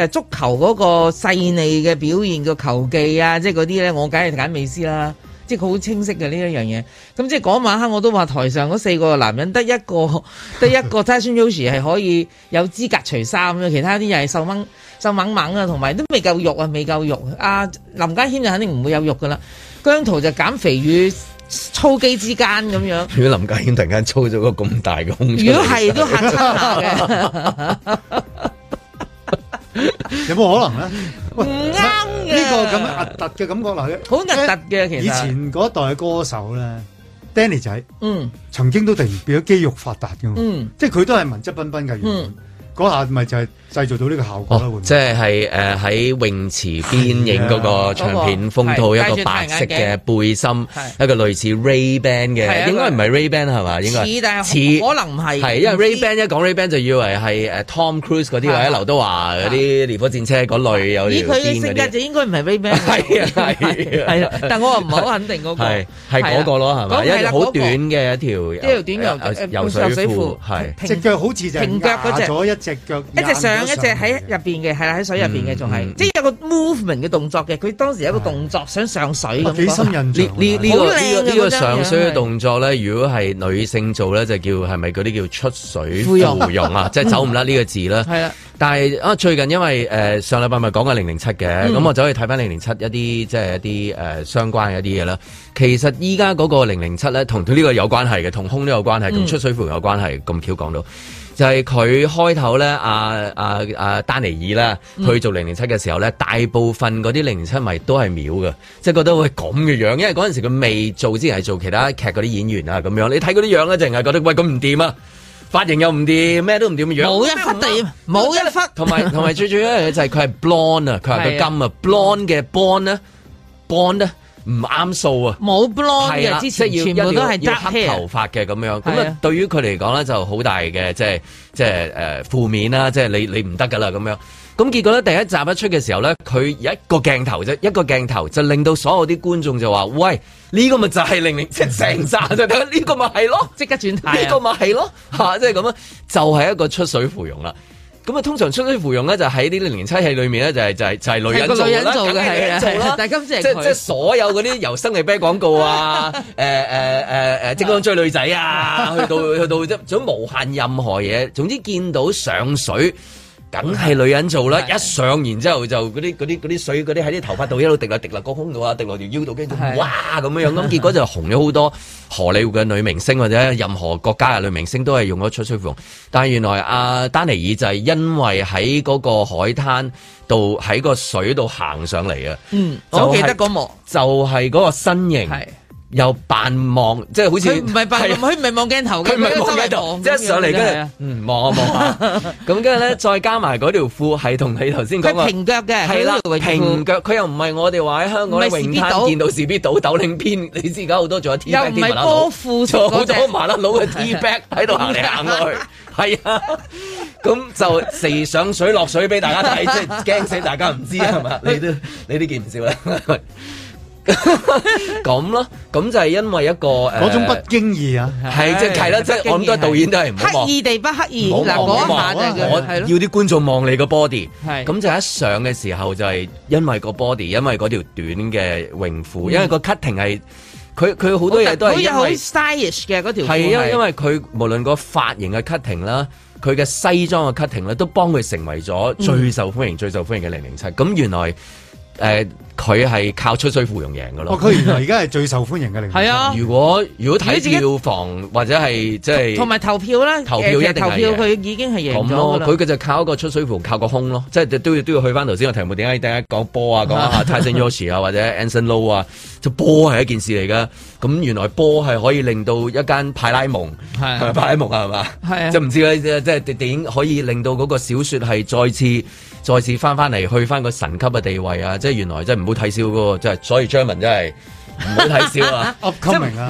誒足球嗰個細膩嘅表現嘅球技啊，即係嗰啲咧，我梗係揀美斯啦。即係好清晰嘅呢一樣嘢，咁即係嗰晚黑我都話台上嗰四個男人得一個得 一個，Tyson Yoshi 是係可以有資格除衫嘅，其他啲又係瘦蜢瘦蜢蜢啊，同埋都未夠肉啊，未夠肉。啊，林家謙就肯定唔會有肉噶啦，姜濤就減肥與操肌之間咁樣。如果林家謙突然間操咗個咁大嘅胸，如果係都嚇親下嘅。 有冇可能咧？唔啱嘅，呢個咁核突嘅感覺嗱，好核突嘅。其實以前嗰一代嘅歌手咧 ，Danny 仔，嗯，曾經都突然變咗肌肉發達嘅，嗯，即係佢都係文質彬彬嘅，原本嗯，嗰下咪就係、是。製造到呢個效果啦，會即係喺泳池邊影嗰個唱片封套，一個白色嘅背心，一個類似 Ray Ban 嘅，應該唔係 Ray Ban 係嘛？應該似，可能唔係，因為 Ray Ban 一講 Ray Ban 就以為係 Tom Cruise 嗰啲或者劉德華嗰啲烈火戰車嗰類，有啲佢嘅性格就應該唔係 Ray Ban 係啊，係，但我又唔好肯定嗰個係嗰個咯，係咪？一條好短嘅，一條一條短遊遊水褲，係隻腳好似就平腳咗，一隻腳一隻一隻喺入邊嘅係啦，喺水入邊嘅仲係，即係有個 movement 嘅動作嘅。佢當時有個動作想上水咁，幾心印住。好靚嘅。呢個上水嘅動作咧，如果係女性做咧，就叫係咪嗰啲叫出水芙蓉啊？即係走唔甩呢個字啦。係啊。但係啊，最近因為誒、呃、上禮拜咪講緊零零七嘅。咁、嗯、我就可以睇翻零零七一啲即係一啲誒、呃、相關嘅一啲嘢啦。其實依家嗰個零零七咧，同佢呢個有關係嘅，同空都有關係，同、嗯、出水芙蓉有關係。咁巧講到，就係佢開頭咧，阿阿阿丹尼爾啦去做零零七嘅時候咧，大部分嗰啲零零七迷都係秒嘅，即、就、係、是、覺得會咁嘅樣，樣，因為嗰陣時佢未做，之前係做其他劇嗰啲演員啊咁樣。你睇嗰啲樣咧，淨係覺得喂，咁唔掂啊！髮型又唔掂，咩都唔掂樣，冇一忽地，冇一忽。同埋同埋最主要一樣嘢就係佢係 blonde 啊，佢話佢金啊，blonde 嘅 born 呢 born 咧唔啱數啊，冇 blonde 嘅之前全部都係黑頭髮嘅咁樣，咁啊對於佢嚟講咧就好大嘅，即係即係誒負面啦，即係你你唔得噶啦咁樣。咁結果咧，第一集一出嘅時候咧，佢一個鏡頭啫，一個鏡頭就令到所有啲觀眾就話，喂，呢、這個咪就係零零即成渣就得、是、呢、這個咪係咯，即、這個就是、刻轉，呢個咪係咯，吓、 啊，即係咁樣就係、是、一個出水芙蓉啦。咁啊，通常出水芙蓉咧就喺呢啲零零七戲裏面咧就係、是、就係、是、就係、是、女人做嘅係啦，但今次即係所有嗰啲由生理啤廣告啊，誒誒誒誒，即刻追女仔啊， 去到去到即無限任何嘢，總之見到上水。梗係女人做啦，的一上完之後就嗰啲啲啲水嗰啲喺啲頭髮度一路滴落滴落個胸度啊，滴落條腰度，跟住哇咁樣的樣，咁結果就紅咗好多荷里活嘅女明星或者任何國家嘅女明星都係用咗吹吹風，但係原來阿丹尼爾就係因為喺嗰個海灘度喺個水度行上嚟啊。嗯，就是、我記得個幕就係嗰個身形。又扮望，即係好似唔係扮望，佢唔係望鏡頭，佢唔係望鏡頭，即係上嚟跟住，嗯望下望下，咁跟住咧再加埋嗰條褲係同你頭先講個平腳嘅，係啦平腳，佢又唔係我哋話喺香港咧泳灘見到士 B 倒斗領邊，你知而家好多仲有 T back 嘅麻甩佬，做咗麻甩佬嘅 T back 喺度行嚟行去，係啊，咁就時上水落水俾大家睇，即係驚死大家唔知係嘛？你都你都見唔少啦。咁咯，咁就係因為一個嗰種不經意啊，係即係啦，即係我諗多導演都係唔刻意地不刻意，嗱嗰晚我要啲觀眾望你個 body，咁就一上嘅時候就係因為個 body，因為嗰條短嘅泳褲，因為個 cutting 係佢佢好多嘢都係好 stylish 嘅嗰條短褲係，因因為佢無論個髮型嘅 cutting 啦，佢嘅西裝嘅 cutting 咧，都幫佢成為咗最受歡迎、最受歡迎嘅零零七。咁原來誒。佢係靠出水芙蓉贏噶咯，哦。佢原來而家係最受歡迎嘅領域係啊如，如果如果睇票房或者係即係同埋投票啦，投票一定係。投票佢已經係贏咗咁咯，佢佢就靠一個出水芙蓉，靠個空咯。即係都要都要去翻頭先個題目，點解大家講波啊，講下泰森·約書亞啊， 或者 Anson Lo 啊？就波係一件事嚟噶。咁原來波係可以令到一間派拉蒙係派 拉蒙啊？係嘛？係啊。 即係唔知即係點可以令到嗰個小説係再次再次翻翻嚟，去翻個神級嘅地位啊！即係原來即係冇睇笑噶喎，真係，所以張文真係唔好睇笑啊！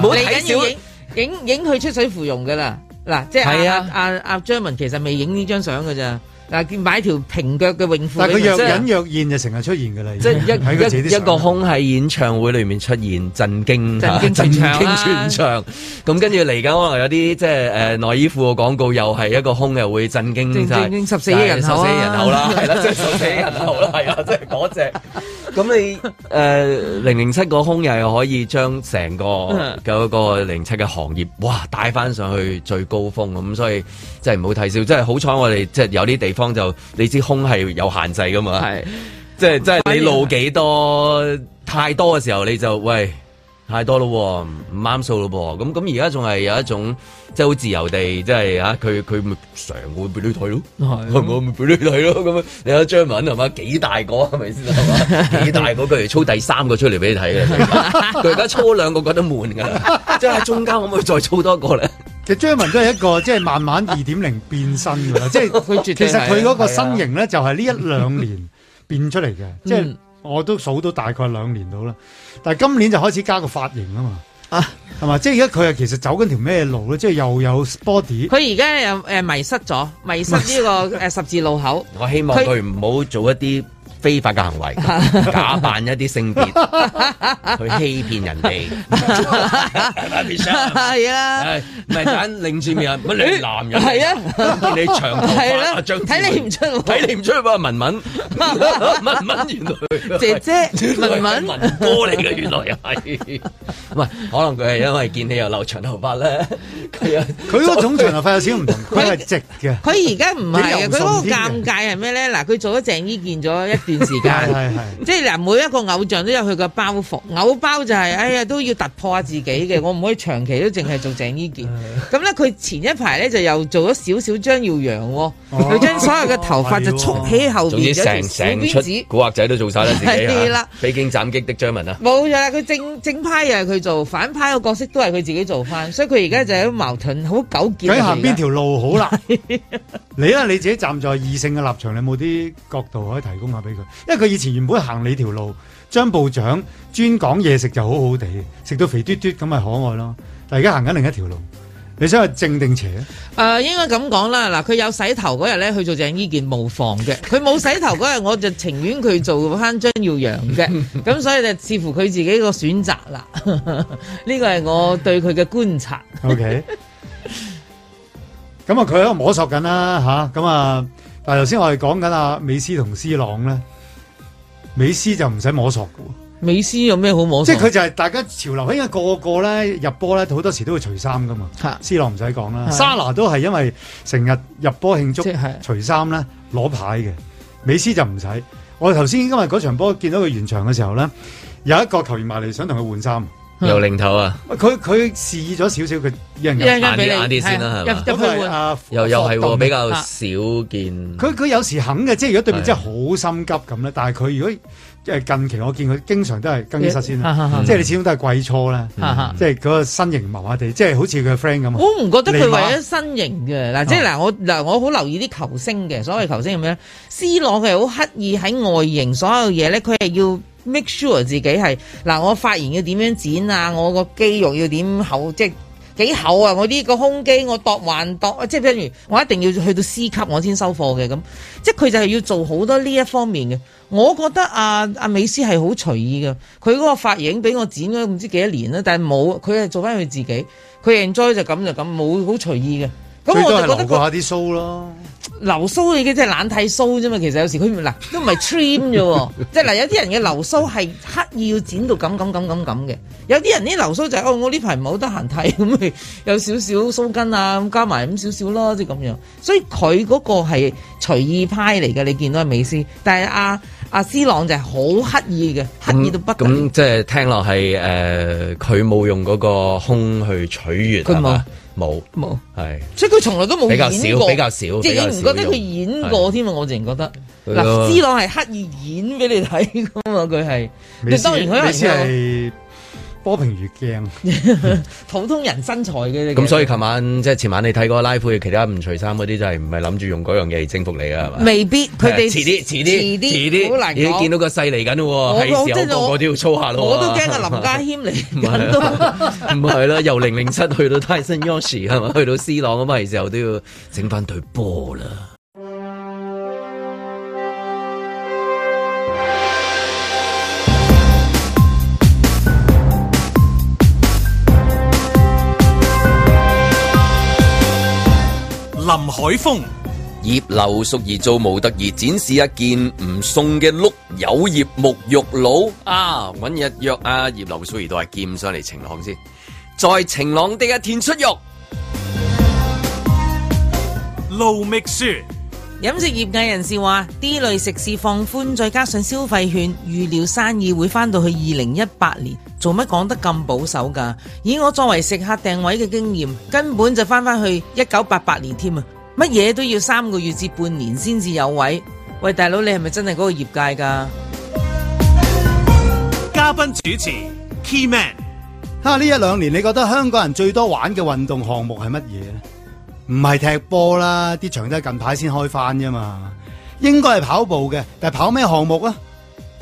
冇睇緊，要影影影佢出水芙蓉噶啦，嗱，即係阿阿阿張文其實未影呢張相噶咋。嗱，買條平腳嘅泳褲，但佢若隱若現就成日出現嘅啦，即係一一個空喺演唱會裏面出現，震驚，震驚全場咁，跟住嚟緊可能有啲即係誒內衣褲嘅廣告又係一個空，又會震驚晒十四億人口啦，係啦，十四億人口啦，係啊，即係嗰隻。咁你誒零零七個空又係可以將成個嘅嗰個零七嘅行業哇帶翻上去最高峰咁，所以。即係唔好睇笑，即係好彩我哋即係有啲地方就你知空係有限制噶嘛，係即係即係你露幾多的太多嘅時候你就喂太多咯唔啱數咯噃，咁咁而家仲係有一種即係好自由地，即係吓佢佢咪常會俾你睇咯，的我咪俾你睇咯？咁你有張文係嘛幾大個係咪先係幾大個佢如操第三個出嚟俾你睇佢而家操兩個覺得悶噶喇， 即係中間可唔可以再操多個咧？張文都係一個即係慢慢二點零變身噶啦，即係其實佢嗰個身形咧就係呢一兩年變出嚟嘅，即係、 嗯、我都數到大概兩年到啦。但係今年就開始加個髮型了啊嘛，係嘛？即係而家佢係其實走緊條咩路咧？即係又有 body，佢而家又誒迷失咗，迷失呢個誒十字路口。 我希望佢唔好做一啲。非法嘅行為，假扮一啲性別去欺騙人哋，係啊，唔係眼令住面啊，乜你男人，係啊，見你長頭髮，睇你唔出，睇你唔出喎，文文，乜文文原來姐姐，文文，文哥嚟嘅原來又係，唔係，可能佢係因為見你又留長頭髮咧，係啊，佢嗰種長頭髮有少少唔同，佢係直嘅，佢而家唔係啊，佢嗰個尷尬係咩咧？嗱，佢做咗鄭伊健咗一。段時間， 即係嗱，每一個偶像都有佢個包袱，偶包就係，哎呀，都要突破下自己嘅，我唔可以長期都淨係做鄭伊健。咁咧，佢前一排咧就又做咗少少張耀揚，佢將、哦、所有嘅頭髮就束起後邊、哦，成成古惑仔都做晒啦，自己對啦，飛經斬擊的張文啊，冇錯、啊，佢正正派又係佢做，反派個角色都係佢自己做翻，所以佢而家就喺矛盾很、啊，好糾結，睇下邊條路好啦。你啊，你自己站在異性嘅立場，你有冇啲角度可以提供下俾佢？因為佢以前原本行你條路，張部長專講嘢食就好好地，食到肥嘟嘟咁咪可愛咯。但而家行緊另一條路，你想係正定邪？誒、呃，應該咁講啦。嗱，佢有洗頭嗰日咧，去做鄭伊健模仿嘅；佢冇洗頭嗰日，我就情願佢做翻張耀揚嘅。咁 所以就視乎佢自己個選擇啦。呢個係我對佢嘅觀察。Okay。咁啊，佢喺度摸索緊啦吓，咁啊。但係頭先我哋講緊阿美斯同斯朗咧，美斯就唔使摸索嘅，美斯有咩好摸索？索？即係佢就係大家潮流，因為個個咧入波咧好多時都會除衫噶嘛啊、斯朗唔使講啦，沙拿都係因為成日入波慶祝，即係除衫咧攞牌嘅。美斯就唔使。我頭先今日嗰場波見到佢完場嘅時候咧，有一個球員埋嚟想同佢換衫。又零頭啊！佢佢示意咗少少，佢一人間俾你睇，慢啲慢啲先啦，係嘛？又又係喎，比較少見。佢佢有時肯嘅，即係如果對面真係好心急咁咧。但係佢如果即係近期，我見佢經常都係更衣室先即係你始終都係季初咧，即係嗰個身形麻麻地，即係好似佢 friend 咁，我唔覺得佢為咗身形嘅嗱，即係嗱我嗱我好留意啲球星嘅所謂球星咁樣，C 朗佢係好刻意喺外形所有嘢咧，佢係要。make sure 自己係，嗱，我髮型要點樣剪啊？我個肌肉要點厚？即係幾厚啊？我呢個胸肌我度還度？即係譬如我一定要去到 C 級我先收貨嘅，咁，即係佢就係要做好多呢一方面嘅。我覺得阿、啊、阿美斯係好隨意嘅，佢嗰個髮型俾我剪咗唔知幾多年啦，但係冇，佢係做翻佢自己，佢 enjoy 就咁就咁、是，冇好隨意嘅。咁我就覺得佢留下啲鬚咯，留鬚你嘅即係懶剃鬚啫嘛。其實有時佢唔嗱都唔係 trim 啫喎，即係嗱有啲人嘅留鬚係刻意要剪到咁咁咁咁咁嘅，有啲人啲留鬚就係、是、哦我呢排唔係好得閒剃，咁， 有少少鬚根啊，加埋咁少少咯，即係咁樣。所以佢嗰個係隨意派嚟嘅，你見到係美斯，但係阿阿斯朗就係好刻意嘅，刻意到不咁即係聽落係誒佢冇用嗰個空去取悅佢。冇冇，係，所以佢從來都冇演過比，比較少，比較少，即係你唔覺得佢演過添啊？的我自然覺得，嗱了，司朗係刻意演俾你睇噶嘛，佢係，你知當然佢係。波平如鏡， 普通人身材嘅。咁所以琴晚即係前晚你睇嗰個拉菲，其他唔除衫嗰啲就係唔係諗住用嗰樣嘢嚟征服你啊？未必，佢哋、啊、他們 遲啲，遲啲，遲啲，遲啲，遲遲難已經見到個勢嚟緊咯。我都時候我即係個個都要操下咯。我都驚阿林家謙嚟，都唔係啦，由零零七去到泰森 Yoshi 係嘛，去到 C 朗啊嘛，而時候都要整翻隊波啦。林海峰、葉劉淑儀做模特兒，展示一件唔送嘅碌柚葉沐浴露啊！揾日約啊葉劉淑儀都係劍上嚟晴朗先，在晴朗的一天出獄盧覓雪。飲食業界人士話：D 類食肆放寬，再加上消費券，預料生意會翻到去二零一八年。做乜講得咁保守噶？以我作為食客訂位嘅經驗，根本就翻翻去一九八八年添啊！乜嘢都要三個月至半年先至有位。喂，大佬，你係咪真係嗰個業界噶？嘉賓主持 Key Man，哈！呢一兩年你覺得香港人最多玩嘅運動項目係乜嘢呢？唔係踢波啦，啲場都係近排先開翻啫嘛，應該係跑步嘅，但係跑咩項目啊？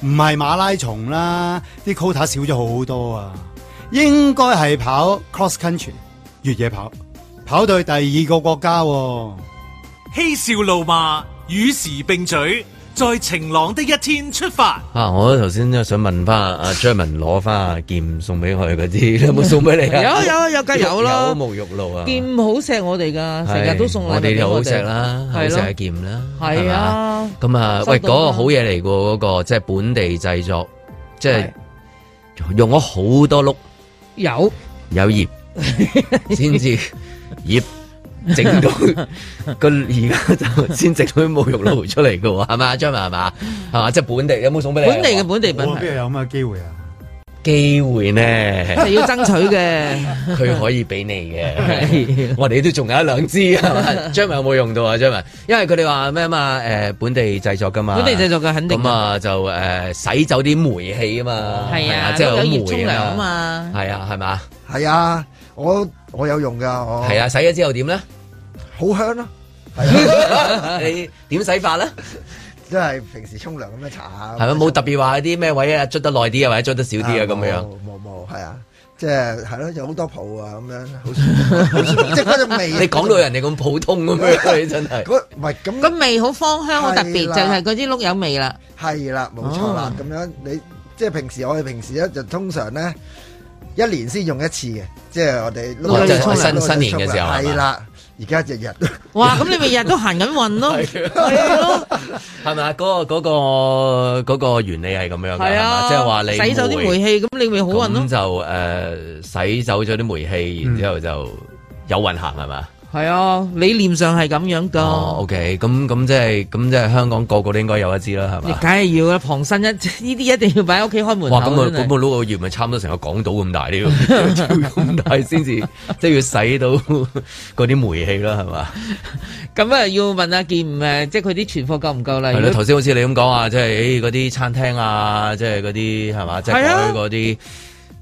唔係馬拉松啦，啲 quota 少咗好多啊，應該係跑 cross country 越野跑，跑到去第二個國家，嬉笑怒罵與時並嘴。在晴朗的一天出發。啊，我頭先想問翻阿張文攞翻劍送俾佢嗰啲，有冇送俾你啊？有有有，梗有啦。有沐浴露啊。劍好錫我哋噶，成日都送我哋。我哋又好錫啦，好錫劍啦。係啊。咁啊，喂，嗰個好嘢嚟噶，嗰個即係本地製作，即係用咗好多碌有，有葉先至葉。整 到個而家就先整到啲冇用嘅回出嚟嘅喎，係嘛，張文係嘛，係嘛，即係本地有冇送俾你？本地嘅本地品牌邊有咁嘅機會啊？機會咧係要爭取嘅，佢 可以俾你嘅，我哋 都仲有一兩支啊，係嘛，張文有冇用到啊？張文，因為佢哋話咩啊嘛？誒本地製作㗎嘛，本地製作嘅肯定咁啊就誒洗走啲煤氣啊嘛，係、哦、啊，啊即係好煤啊嘛，係啊係嘛，係啊，我我有用㗎，我係啊洗咗之後點咧？好香咯，你點洗法咧？即係平時沖涼咁樣搽下，係咪，冇特別話啲咩位啊，捽得耐啲啊，或者捽得少啲啊，咁樣冇冇係啊，即係係咯，有好多泡啊，咁樣好舒服，即係嗰種味。你講到人哋咁普通咁樣，你真係。嗰唔係咁，嗰味好芳香，好特別就係嗰啲碌柚味啦。係啦，冇錯啦，咁樣你即係平時我哋平時咧就通常咧一年先用一次嘅，即係我哋新年新年嘅時候係啦。而家日日，都哇！咁你咪日日都行緊運咯，係啊 的，係咪啊？嗰的、 嗰個嗰、嗰個、原理係咁樣，係啊的，即係話你洗走啲煤氣，咁你咪好運咯。咁就誒、呃、洗走咗啲煤氣，然之後就有運行係咪啊？嗯係啊，理念上係咁樣噶。哦，OK，咁咁即係，咁即係香港個個都應該有一支啦，係嘛？梗係要啦，旁身一呢啲一定要擺喺屋企開門哇，咁我咁我攞個業咪、那個、差唔多成個港島咁大添，咁 大先至， 即係要使到嗰啲煤氣啦，係嘛？咁啊，要問阿健誒，即係佢啲存貨夠唔夠啦？係啦，頭先好似你咁講、哎、啊，即係誒嗰啲餐廳啊，即係嗰啲係嘛？係嗰啲。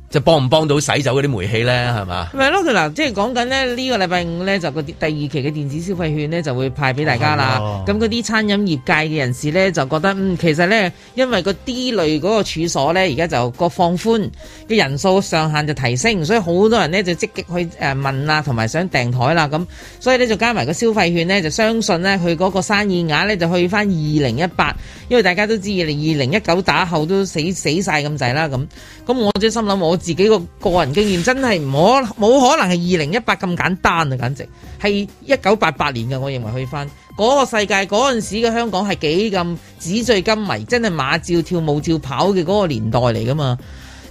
就幫唔幫到洗走嗰啲煤氣呢係嘛？咪咯，嗱，即係講緊呢呢個禮拜五呢， 嗯、就是、個就第二期嘅電子消費券呢，就會派俾大家啦。咁嗰啲餐飲業界嘅人士呢，就覺得，嗯，其實呢，因為個 D 類嗰個處所呢，而家就個放寬嘅人數上限就提升，所以好多人呢，就積極去誒問啦，同埋想訂枱啦咁。所以呢，就加埋個消費券呢，就相信呢，佢嗰個生意額呢，就去翻二零一八，因為大家都知二零二零一九打後都死死晒咁滯啦咁。咁我即係心諗，我自己個個人經驗真係唔可冇可能係二零一八咁簡單啊，簡直係一九八八年嘅我認為去翻嗰個世界嗰陣、那個、時嘅香港係幾咁紙醉金迷，真係馬照跳舞照跑嘅嗰個年代嚟噶嘛。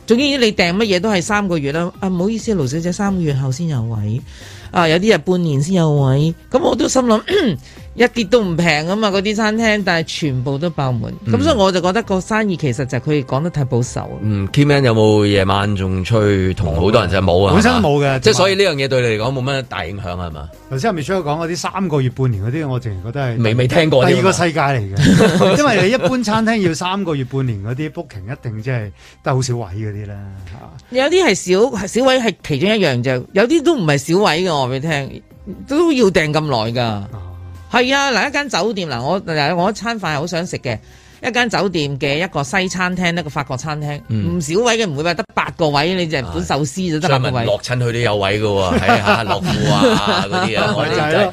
總之你訂乜嘢都係三個月啦，啊唔好意思啊盧小姐，三個月後先有位，啊有啲係半年先有位，咁我都心諗。一啲都唔平啊嘛！嗰啲餐廳，但係全部都爆滿，咁、嗯、所以我就覺得個生意其實就係佢哋講得太保守嗯。嗯 Key man 有冇夜晚仲吹？同好多人就冇啊？本身冇嘅，即係吧所以呢樣嘢對你嚟講冇乜大影響係嘛？頭先阿 Michelle 講嗰啲三個月半年嗰啲，我淨係覺得係未未聽過第二個世界嚟嘅，因為你一般餐廳要三個月半年嗰啲 booking 一定即係都好少位嗰啲啦。有啲係少少位係其中一樣啫，有啲都唔係少位嘅我俾你聽，都要訂咁耐㗎。哦係啊，嗱一間酒店嗱，我一餐飯係好想食嘅一間酒店嘅一個西餐廳，一個法國餐廳，唔、嗯、少位嘅，唔會話得八個位，你就係、啊、本壽司就得個位，落親佢都有位㗎喎， 啊，落庫啊嗰啲啊，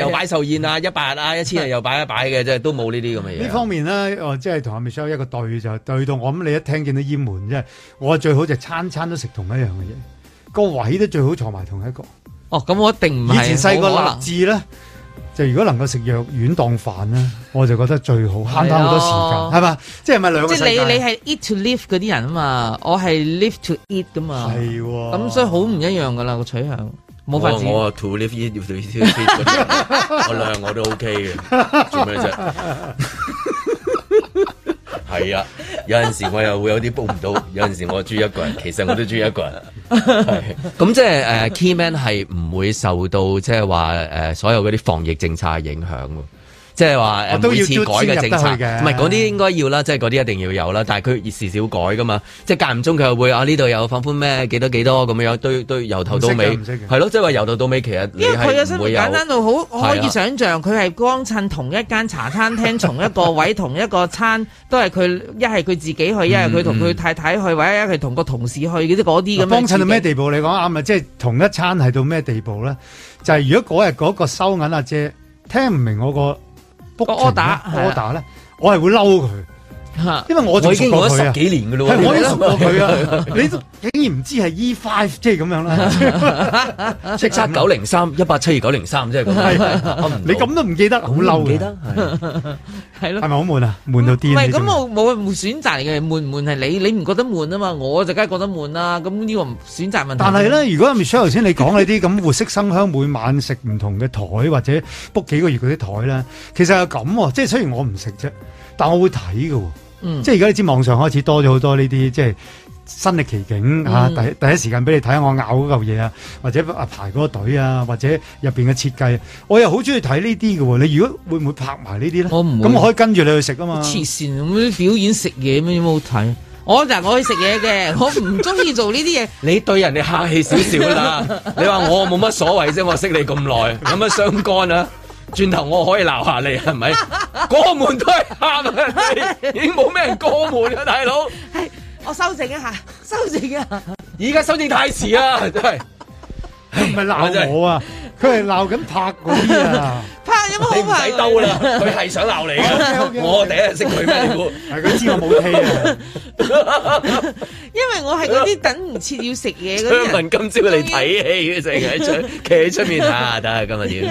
又擺壽宴啊，一百啊，一千人又擺一擺嘅即係，是都冇呢啲咁嘅嘢。呢方面咧，哦，即係同阿 Michelle 一個待遇就對到我咁。我諗你一聽見到煙門，即係我最好就餐餐都食同一樣嘅嘢，個位都最好坐埋同一個。哦，咁我一定唔係以前細個立志咧，就如果能夠食藥丸當飯咧，我就覺得最好慳翻好多時間，係嘛 即係咪兩個？即係你你係 eat to live 嗰啲人啊嘛，我係 live to eat 噶嘛，係咁、哦、所以好唔一樣噶啦個取向。我我啊 to live in 我兩我都 OK 嘅，做咩啫？係 啊，有陣時我又會有啲煲唔到，有陣時我中意一個人，其實我都中意一個人。咁即係誒，uh，key man 係唔會受到即係話誒，就是 uh，所有嗰啲防疫政策嘅影響。即係話都要改嘅政策，唔係嗰啲應該要啦，即係嗰啲一定要有啦。但係佢時改、就是啊、少改噶嘛，即係間唔中佢又會啊呢度有放寬咩？幾多幾多咁樣樣，對由頭到尾，唔識嘅係咯，即係話由頭到尾其實因為佢嘅生活簡單到好，可以想象佢係光襯同一間茶餐廳，同、啊、一個位同一個餐，都係佢一係佢自己去， 一係佢同佢太太去，或者一係同個同事去嘅啲嗰啲咁樣。光襯到咩地步？你講啱啊，即係、就是、同一餐係到咩地步咧？就係、是、如果嗰日嗰個收銀阿、啊、姐聽唔明我個。個我打，我打咧，我係會嬲佢。因為我就已經過咗十幾年噶咯，我已經熟過佢啊！你竟然唔知係 E Five，即係咁樣啦，七七九零三一八七二九零三即係咁。你咁都唔記得，好嬲嘅。記得係，係咪好悶啊？悶到癲。唔係咁，我冇選擇嚟嘅。悶唔悶係你，你唔覺得悶啊嘛？我就梗係覺得悶啦。咁呢個選擇問題。但係咧，如果 Michelle 頭先你講嗰啲咁活色生香，每晚食唔同嘅台或者 book 幾個月嗰啲台咧，其實係咁，即係雖然我唔食啫，但我會睇噶。嗯、即係而家你知網上開始多咗好多呢啲即係新歷奇景、嗯、啊！第第一時間俾你睇下我咬嗰嚿嘢啊，或者啊排嗰個隊啊，或者入邊嘅設計，我又好中意睇呢啲嘅喎。你如果會唔會拍埋呢啲咧？我唔會，咁我可以跟住你去食啊嘛。黐線，咁啲表演食嘢咩有冇睇？我就 我去食嘢嘅，我唔中意做呢啲嘢。你對人哋客氣少少啦。你話我冇乜所謂啫，我識你咁耐，有乜相干啊？轉頭我可以鬧下你係咪？過、那個、門都係，已經冇咩人過門啦，大佬。係、哎、我修正一下，修正一下。而家修正太遲啦，真係唔係鬧我啊？佢係鬧緊拍啲啊！ 有 你睇兜啦，佢係想鬧你嘅。我第一日識佢咩？係佢知我冇戲啊！ 因為我係嗰啲等唔切要食嘢嘅。啲。張文今朝嚟睇戲嘅，成日喺出企喺出面吓，睇下今日點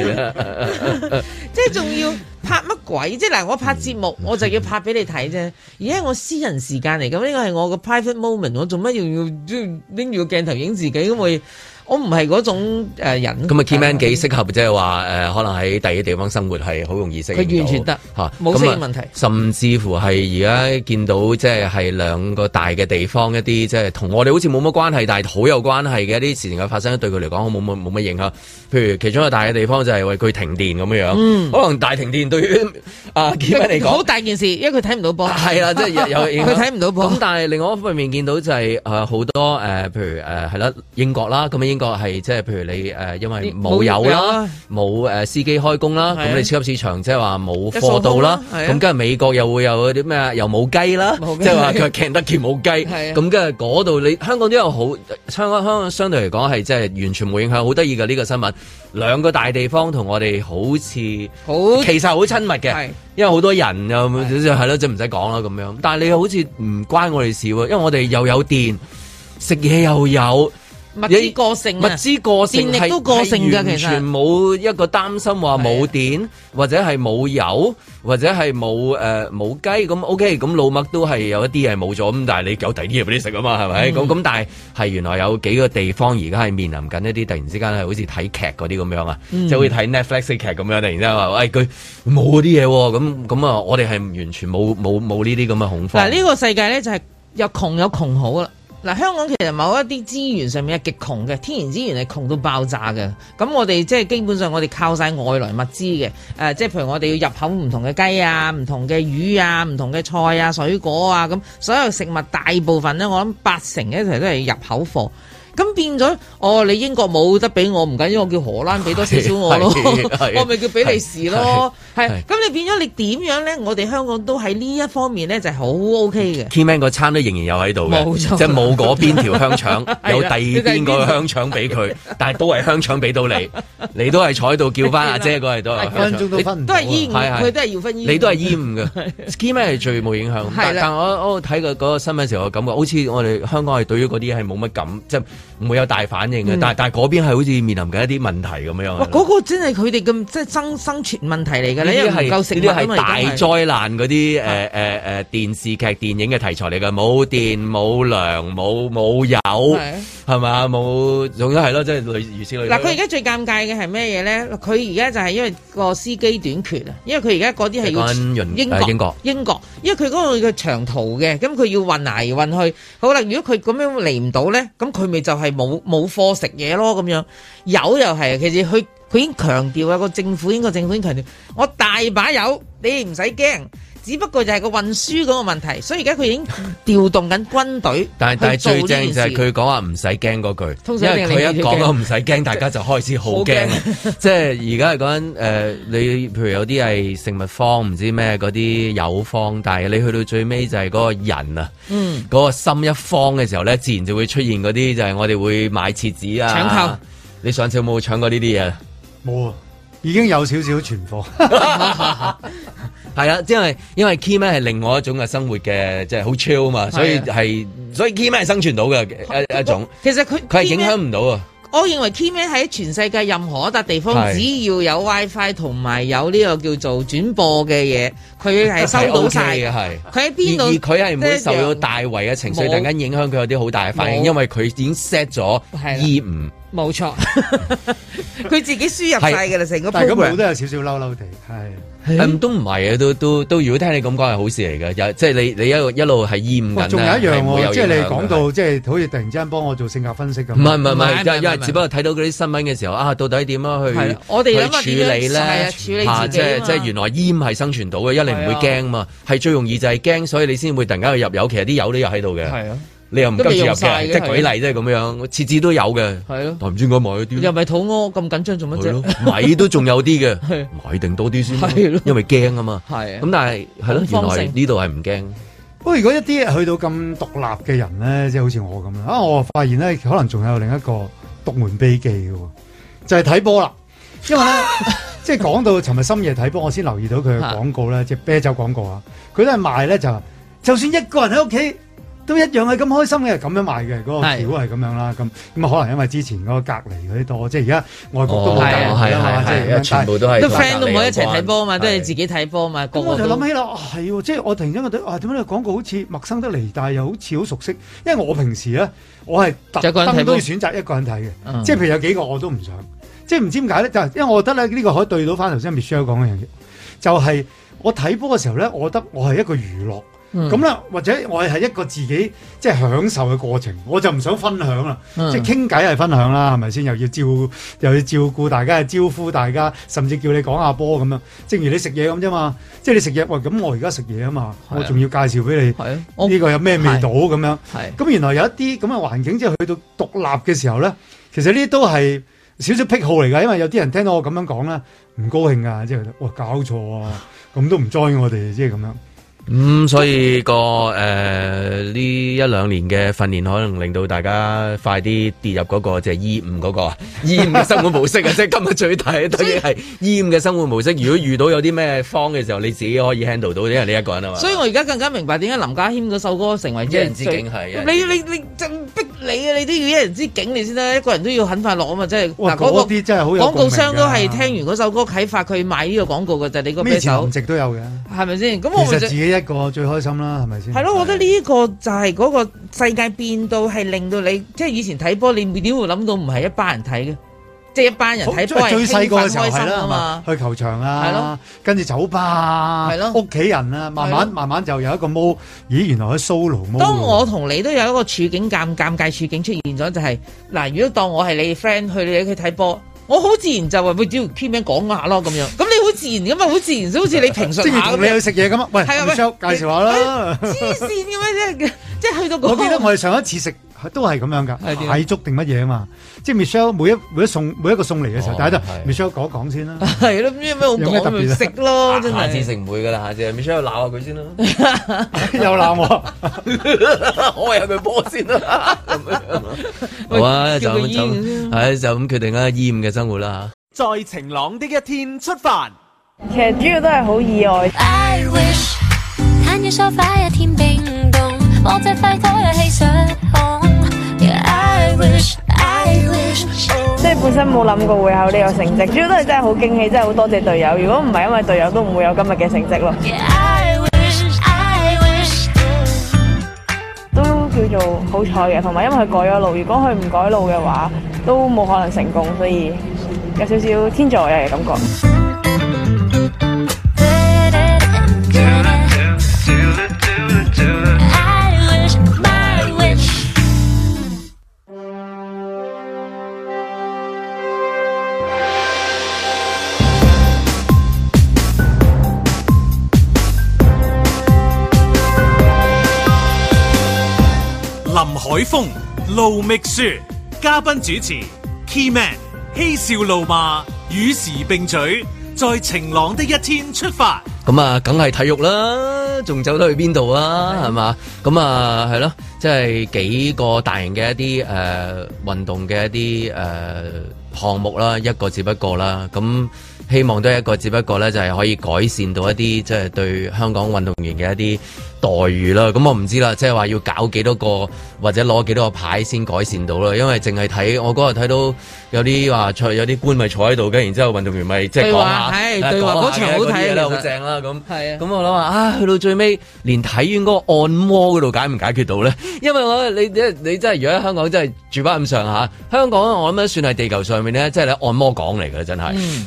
先。即係仲要拍乜鬼？即係嗱，我拍節目，我就要拍俾你睇啫。而家我私人時間嚟，咁呢個係我嘅 private moment。我做乜要要拎住個鏡頭影自己？因為我唔係嗰種誒人。咁啊 Keyman 幾適合，即係話誒可能喺第二地方生活係好容易適應，佢完全得嚇，冇適應問題，甚至乎係而家見到即係係兩個大嘅地方一啲即係同我哋好似冇乜關係，但係好有關係嘅一啲事情嘅發生，對佢嚟講好冇冇冇乜影響，譬如其中一個大嘅地方就係為佢停電咁樣樣，嗯，可能大停電對於啊 Keyman 嚟講好大件事，因為佢睇唔到波。係啦，即係有佢睇唔到波。咁但係另外一方面見到就係誒好多誒譬如誒係啦英國啦咁英國係即係，譬如你誒，因為冇油啦，冇誒司機開工啦，咁、啊、你超級市場即係話冇貨到啦，咁跟住美國又會有嗰啲咩啊？又冇雞啦，即係話佢 Kentucky 冇雞，咁跟住嗰度你香港都有好，香港香港相對嚟講係即係完全冇影響，好得意㗎呢個新聞。兩個大地方同我哋好似好，很其實好親密嘅，啊、因為好多人又係咯，即係唔使講啦咁樣。但係你好似唔關我哋事喎，因為我哋又有電，食嘢又有。物資過剩，物資過剩電力都過剩噶，其實完全冇一個擔心話冇電是的或者係冇油或者係冇誒冇雞咁。O K，咁老麥都係有一啲係冇咗咁，但係你有第二啲嘢俾你食啊嘛，係咪咁？咁、嗯、但係係原來有幾個地方而家係面臨緊一啲突然之間係好似睇劇嗰啲咁樣啊，即係、嗯、會睇 Netflix 劇咁樣，突然之間話喂佢冇啲嘢咁咁啊！哎、我哋係完全冇冇冇呢啲咁嘅恐慌。嗱呢、這個世界咧就係有窮有窮好啦。嗱，香港其實某一啲資源上面係極窮嘅，天然資源係窮到爆炸嘅。咁我哋即係基本上我哋靠晒外來物資嘅，誒、呃，即係譬如我哋要入口唔同嘅雞啊、唔同嘅魚啊、唔同嘅菜啊、水果啊，咁所有食物大部分咧，我諗八成嘅一齊都係要入口貨。咁變咗，哦！你英國冇得俾我，唔緊要，我叫荷蘭俾多少少我咯，我咪叫比利時咯，係咁你變咗你點樣咧？我哋香港都喺呢一方面咧，就係好 OK 嘅。Keyman 個餐都仍然有喺度嘅，即係冇嗰邊條香腸，有第二邊個香腸俾佢，但係都係香腸俾到你，你都係坐喺度叫翻阿姐嗰係都係分鐘都分，都係淹，佢都係要分淹，你都係淹嘅。Keyman 係最冇影響，但我我睇個嗰個新聞嘅時候，我感覺好似我哋香港係對於嗰啲係冇乜感，即係。唔會有大反應嘅，但但嗰邊係好似面臨緊一啲問題咁樣。嗰、嗯嗰個真係佢哋咁，即係生生存問題嚟㗎。呢啲係夠食物係大災難嗰啲誒誒誒電視劇電影嘅題材嚟嘅，冇電、冇糧、冇冇油，係咪的？冇仲有係咯，即係、就係、類似類似。嗱，佢而家最尷尬嘅係咩嘢咧？佢而家就係因為個司機短缺啊！因為佢而家嗰啲係要英國英國英國，因為佢嗰個嘅長途嘅，咁佢要運嚟運去。好啦，如果佢咁樣嚟唔到咧，咁佢咪就係、係。冇冇貨食嘢咯咁樣，有又係，其實佢佢已經強調啊，個政府應該政府已經強調，我大把有，你唔使驚。只不過就係個運輸嗰個問題，所以而家佢已經調動緊軍隊。但係但係最正就係佢講話唔使驚嗰句，樣因為佢一講到「唔使驚，大家就開始好驚。嗯、即係而家係講緊誒，你譬如有啲係食物荒唔知咩嗰啲油荒，但係你去到最尾就係嗰個人啊，嗰、嗯、個心一慌嘅時候咧，自然就會出現嗰啲就係我哋會買廁紙啊，搶購扣。你上次有冇搶過呢啲嘢？冇啊，已經有少少存貨。 係啦，因為因為 Kimi 係另外一種嘅生活嘅，即係好 chill 啊嘛，所以係所以 Kimi 係生存到嘅一一種。其實佢佢係影響唔到啊。我認為 Kimi 喺全世界任何一笪地方，只要有 WiFi 同埋有呢個叫做轉播嘅嘢，佢係收到晒嘅。係佢喺邊度。而佢係唔會受到大圍嘅情緒突然間影響佢有啲好大嘅反應，因為佢已經 set 咗二五。冇錯，佢自己輸入晒噶啦，成個。但咁都有少少嬲嬲地，係。都唔係啊，都都都，如果聽你咁講係好事嚟嘅，又即係你你一路一路係厭緊，仲有一樣，即係你講到即係好似突然之間幫我做性格分析咁。唔係唔係唔係，因為只不過睇到嗰啲新聞嘅時候啊，到底點樣去去處理咧？嚇，即係即係原來厭係生存到嘅，因為你唔會驚啊嘛，係最容易就係驚，所以你先會突然間去入油，其實啲油都有喺度嘅。係啊。你又唔急住入嘅，即係舉例即係咁樣，設置都有嘅。係咯，唔知應該買啲。又咪肚屙咁緊張，做乜嘢？係咯，米都仲有啲嘅。係買定多啲先。係咯，因為驚啊嘛。係。咁但係係咯，原來呢度係唔驚。不過如果一啲去到咁獨立嘅人咧，即係好似我咁啦，嚇我發現咧，可能仲有另一個獨門秘技嘅，就係睇波啦。因為咧，即係講到尋日深夜睇波，我先留意到佢嘅廣告咧，即係啤酒廣告啊。佢都係賣咧，就就算一個人喺屋企，都一樣係咁開心嘅，咁樣賣嘅嗰個表係咁樣啦，咁咁啊可能因為之前嗰個隔離嗰啲多，即係而家外國都冇隔離啦嘛，即係全部都係 friend 都唔可以一齊睇波嘛，啊、都係自己睇波嘛。咁、啊、我就諗起啦，係、啊啊、即係我突然之間覺得，啊點解你講過好似陌生得嚟，但係又好似好熟悉？因為我平時咧，我係特登都要選擇一個人睇嘅，嗯、即係譬如有幾個我都唔想，即係唔知點解咧，就係因為我覺得咧呢、呢個可以對到翻頭先 Michelle 講嘅嘢，就係、是、我睇波嘅時候咧，我覺得我係一個娛樂。咁啦、嗯、或者我係一個自己即係享受嘅過程，我就唔想分享啦。嗯、即係傾偈係分享啦，係咪先？又要照又要照顧大家，招呼大家，甚至叫你講下波咁樣。正如你食嘢咁啫嘛，即係你食嘢喂，咁我而家食嘢啊嘛，我仲要介紹俾你，呢個有咩味道咁、啊、樣。咁原來有一啲咁嘅環境，即係去到獨立嘅時候咧，其實呢啲都係少少癖好嚟噶，因為有啲人聽到我咁樣講咧，唔高興噶，即係哇搞錯啊，咁都唔 join 我哋，即係咁樣。咁、嗯、所以個誒呢、呃、一兩年嘅訓練，可能令到大家快啲跌入嗰、那個即係厭嗰個啊厭嘅生活模式啊！即係今日最大，等於係厭嘅生活模式。如果遇到有啲咩方嘅時候，你自己可以 handle 到，因為你一個人啊嘛。所以我而家更加明白點解林家謙嗰首歌成為一人之境係。你你你真逼你啊！你都要一人之境，你先得，一個人都要很快樂啊嘛！即係。哇嘩，嗰啲、那個、真係好有的。廣告商都係聽完嗰首歌啟發佢賣呢個廣告嘅，就係、是、呢個。咩潛值都有嘅。係咪先？咁我。其實自己。一個最開心啦，係咪先？係咯，我覺得呢一個就係嗰個世界變到係令到你即係、就是、以前睇波，你點會諗到唔係一班人睇嘅，即、就、係、是、一班人睇波，最細個嘅時候係啦嘛，的去球場啊，的跟住酒吧啊，屋企的人啊，慢慢的慢慢就有一個 model，咦，原來係 solo model。當我同你都有一個處境尷尷尬處境出現咗，就係、是、嗱，如果當我係你 friend 去你去睇波。我好自然就話，會只要偏偏講下咯咁樣，咁你好自然咁嘛，好自然，所以好似你平常，即係同你去食嘢咁啊，喂，阿蕭、啊、Michelle, 介紹下啦。黐線嘅咩，即係去到嗰度。我記得我哋上一次食都係咁樣噶，蟹粥定乜嘢啊嘛？即係 Michelle 每一每一送每一個送嚟嘅時候，大家都 Michelle 講講先啦。係咯，咩咩好講咪食咯，真係漸成梅噶啦，下次 Michelle 鬧下佢先啦，又鬧我，我入去波先啦。好啊，就就係就咁決定啊，厭嘅生活啦。在晴朗的一天出發，其實主要都係好意外。即係本身冇諗過會有呢個成績，主要都係真係好驚喜，真係好多謝隊友。如果唔係因為隊友，都唔會有今日嘅成績咯。Yeah, I wish, I wish. 都叫做好彩嘅，同埋因為佢改咗路。如果佢唔改路嘅話，都冇可能成功。所以有少少天助我嘅感覺。風路覓雪，嘉賓主持 key man，嬉笑怒罵，與時並舉，在晴朗的一天出發。咁啊，梗係體育啦，仲走得去邊度啊？係嘛？咁啊，係咯，即係幾個大型嘅一啲誒、呃、運動嘅一啲誒、呃、項目啦，一個接一個啦，咁。希望都係一個，只不過咧就係可以改善到一啲，即係對香港運動員嘅一啲待遇啦。咁我唔知啦，即係話要搞幾多個或者攞幾多個牌先改善到啦。因為淨係睇我嗰日睇到有啲話有啲官咪坐喺度嘅，然之後運動員咪即係講下對話嗰話場好睇啦，好正啦咁。係啊，咁我諗啊，啊去到最尾連體院嗰個按摩嗰度解唔解決到咧？因為我你你真係如果喺香港真係住翻咁上下，香港我諗算係地球上面咧，即係喺按摩港嚟嘅真係。嗯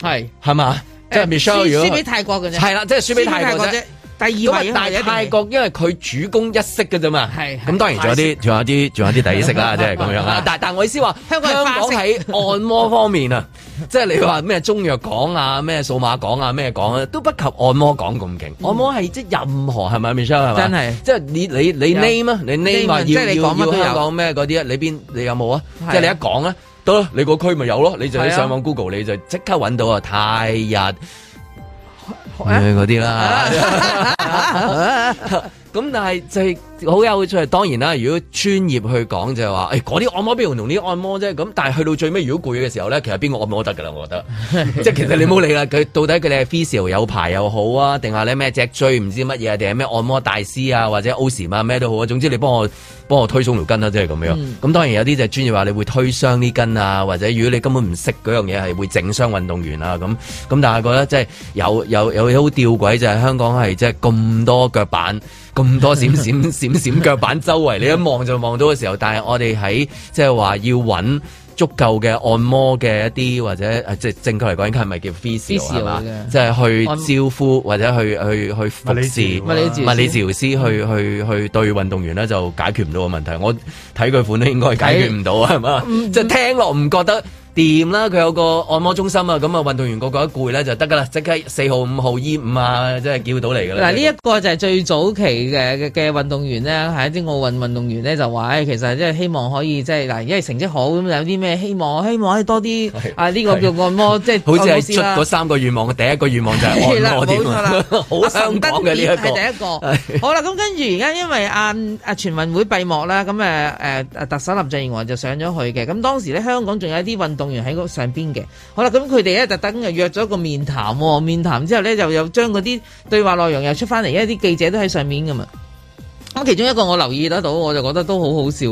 係係嘛，即係 Michelle 如果輸俾泰國嘅啫，係啦，即係輸俾泰國啫。第二位，泰國因為佢主攻一式嘅啫嘛，係。咁當然仲有啲，仲有啲，仲有啲第二式啦，即係咁樣啦。但但，我意思話香港喺按摩方面啊，即係你話咩中藥港啊，咩數碼港啊，咩港啊，都不及按摩港咁勁。按摩係即任何係咪 Michelle 係真係，即係你你你 name 啊，你 name 話要要講咩嗰啲啊？你邊你有冇啊？即係你一講啊。得啦，你個區咪有咯，你就喺上網 Google，是、啊、你就即刻揾到啊！太日嗰啲啦，咁但係就係、是。好有趣，當然啦。如果專業去講就係、是、話，誒、哎，嗰啲按摩邊同呢啲按摩啫。咁但係去到最尾，如果攰嘅時候咧，其實邊個按摩都得噶啦？我覺得，即係 其實你唔好理啦。佢到底佢哋係 physical 有排又好啊，定係咧咩脊椎唔知乜嘢，定係咩按摩大師啊，或者 O 禪啊咩都好。啊。總之你幫我幫我推鬆條筋啦，即係咁樣。咁、嗯、當然有啲就專業話你會推傷啲筋啊，或者如果你根本唔識嗰樣嘢，係會整傷運動員啊。咁咁但係我覺得即係有有有好吊詭就係、是、香港係即係咁多腳板，咁多閃閃閃。 閃腳板周圍，你一望就望到嘅時候，但係我哋喺即係話要搵足夠嘅按摩嘅一啲或者誒，即係正確嚟講，應該係咪叫 physio 係嘛？即係去招呼或者去去去復治，物理治療、啊、師去去去，去對運動員咧就解決唔到嘅問題。我睇佢款咧應該解決唔到啊，係嘛？即係聽落唔覺得。掂啦，佢有個按摩中心啊，咁啊運動完員個的、這個一攰咧就得噶啦，即刻四號五號二五啊，即係叫到嚟噶啦。嗱呢一個就係最早期嘅嘅運動員咧，係一啲奧運運動員咧就話其實即係希望可以即係嗱，因為成績好咁有啲咩希望，希望可以多啲的啊呢、這個叫按摩，的即係是好似係出嗰三個願望，嘅 第一個願望就係按摩添。啦，好 香港嘅呢、啊、一個。的好啦，咁跟住而家因為啊，啊全運會閉幕啦，咁誒啊，啊特首林鄭月娥就上咗去嘅，咁當時咧香港仲有一啲運動。喺上邊嘅，好啦，咁佢哋咧特登約咗個面談，面談之後咧，就又將嗰啲對話內容又出翻嚟，因為啲記者都喺上面噶嘛。咁其中一個我留意得到，我就覺得都好好笑。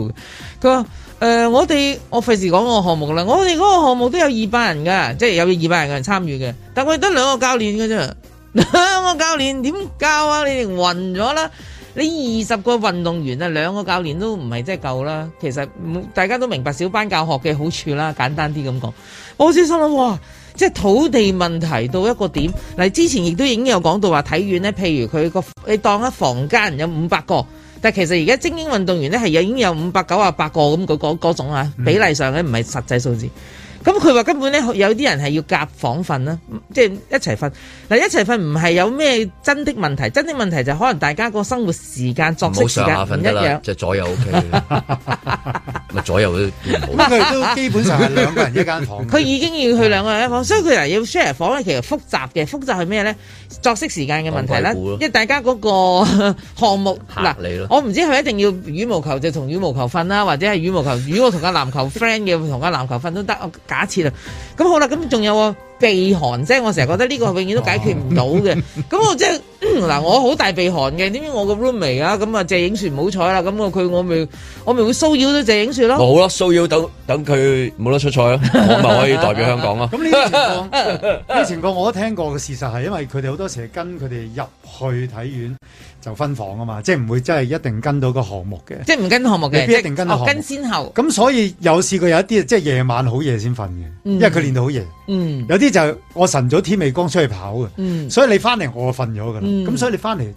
佢話誒，我哋我費事講個項目啦，我哋嗰個項目都有二百人噶，即係有二百人嘅人參與嘅，但係我哋得兩個教練㗎啫，兩個教練點教啊？你哋暈咗啦！你二十個運動員啊，兩個教練都唔係真係夠啦。其實大家都明白小班教學嘅好處啦，簡單啲咁講。我先心諗，哇，即係土地問題到一個點。嗱，之前亦都已經有講到話體院咧，譬如佢個你當一房間有五百個，但係其實而家精英運動員咧係已經有五百九十八個咁個嗰嗰種啊，比例上咧唔係實際數字。咁佢話根本咧有啲人係要夾房瞓啦，即係一齊瞓。嗱，一齊瞓唔係有咩真的問題？真的問題就可能大家個生活時間作息時間唔一樣，一就係左右 O K。咪 左右都基本上兩個人一間房。佢 已經要去兩個人一房，所以佢又要 share 房咧，其實複雜嘅。複雜係咩咧？作息時間嘅問題啦，因為大家嗰個項目嗱，你我唔知佢一定要羽毛球就同羽毛球瞓啦，或者係羽毛球，如果我同個籃球 friend 嘅，同個籃球瞓都得。假設啊，咁好啦，咁仲有。鼻鼾啫，即係我成日覺得呢個永遠都解決唔到嘅。咁、啊、我即係嗱、嗯，我好大鼻鼾嘅，點知我個 roommate 啊？咁啊，謝影雪唔好彩啦。咁我佢我咪我咪會騷擾到謝影雪咯。冇咯，騷擾等等佢冇得出賽咯， 我咪可以代表香港咯。咁呢啲情況，呢啲 情況我都聽過嘅。事實係因為佢哋好多時係跟佢哋入去體院就分房啊嘛，即係唔會真係一定跟到一個項目嘅，即係唔跟項目嘅，必即係一定跟哦跟先後。咁所以有試過有一啲即係夜晚好夜先瞓嘅，嗯、因為佢練到好夜。嗯，有啲。呢就係我晨早天未光出去跑嘅，嗯、所以你翻嚟我就瞓咗噶啦，咁、嗯、所以你翻嚟。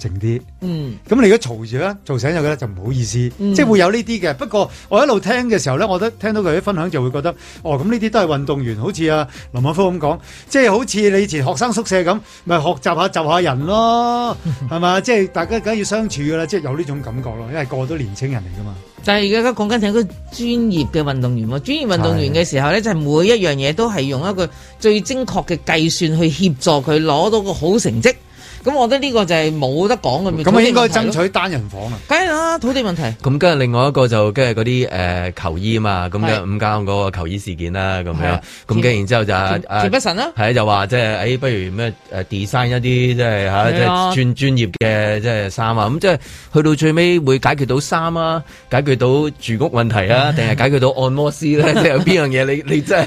靜啲，嗯，咁你如果嘈住咧，嘈醒咗咧就唔好意思，嗯、即係會有呢啲嘅。不過我一路聽嘅時候咧，我都聽到佢啲分享，就會覺得，哦，咁呢啲都係運動員，好似啊林文夫咁講，即係好似你以前學生宿舍咁，咪學習下就下人咯，係嘛？即係大家梗係要相處噶啦，即係有呢種感覺咯，因為個個都年青人嚟噶嘛。但係而家講緊係個專業嘅運動員，專業運動員嘅時候咧，的就係每一樣嘢都係用一個最精確嘅計算去協助佢攞到個好成績。咁我覺得呢個就係冇得講咁樣，咁應該爭取單人房啊！梗係啦，土地問題。咁跟住另外一個就，跟住嗰啲誒球衣啊嘛，咁嘅五間嗰個球衣事件啦，咁樣的。咁跟然之後就田田啊，田北辰啦、啊，係啊，就話即係誒，不如咩 design 一啲即係即係轉專業嘅即係衫啊。咁即係去到最尾會解決到衫啊，解決到住屋問題啊，定係 解決到按摩師咧？即 有邊樣嘢你你真係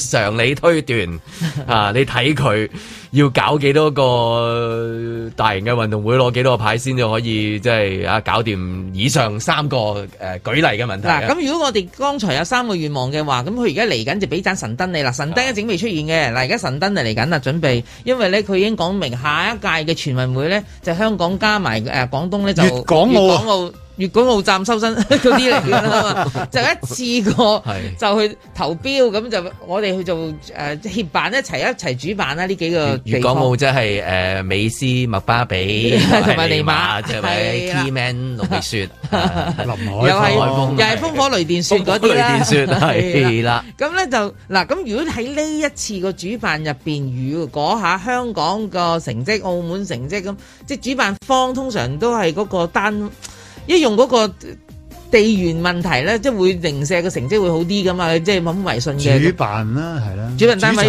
照常理推斷 啊？你睇佢。要搞幾多個大型嘅運動會攞幾多個牌先就可以，即係啊搞掂以上三個誒、呃、舉例嘅問題。嗱，咁如果我哋剛才有三個願望嘅話，咁佢而家嚟緊就俾盞神燈你啦，神燈一直未出現嘅，嗱，而家神燈就嚟緊啦，準備，因為咧佢已經講明下一屆嘅全運會咧就香港加埋誒廣東咧就粵港澳。粵港澳站收身嗰啲嚟噶啦嘛，就一次過就去投標，咁就我哋去做誒協辦，一齊一齊主辦啦。呢幾個粵港澳即係誒美斯、麥巴比、同埋尼馬，係咪 k man、龍皮雪、林海峰、又係又係風火雷電雪嗰啲雷電雪係啦。咁咧就嗱咁，如果喺呢一次個主辦入邊，如果嗰下香港個成績、澳門成績咁，即係主辦方通常都係嗰個單。一用嗰個地緣問題咧，即係會零舍嘅成績會好啲㗎嘛，即係冇乜迷信嘅。主辦啦，係啦，主辦單位係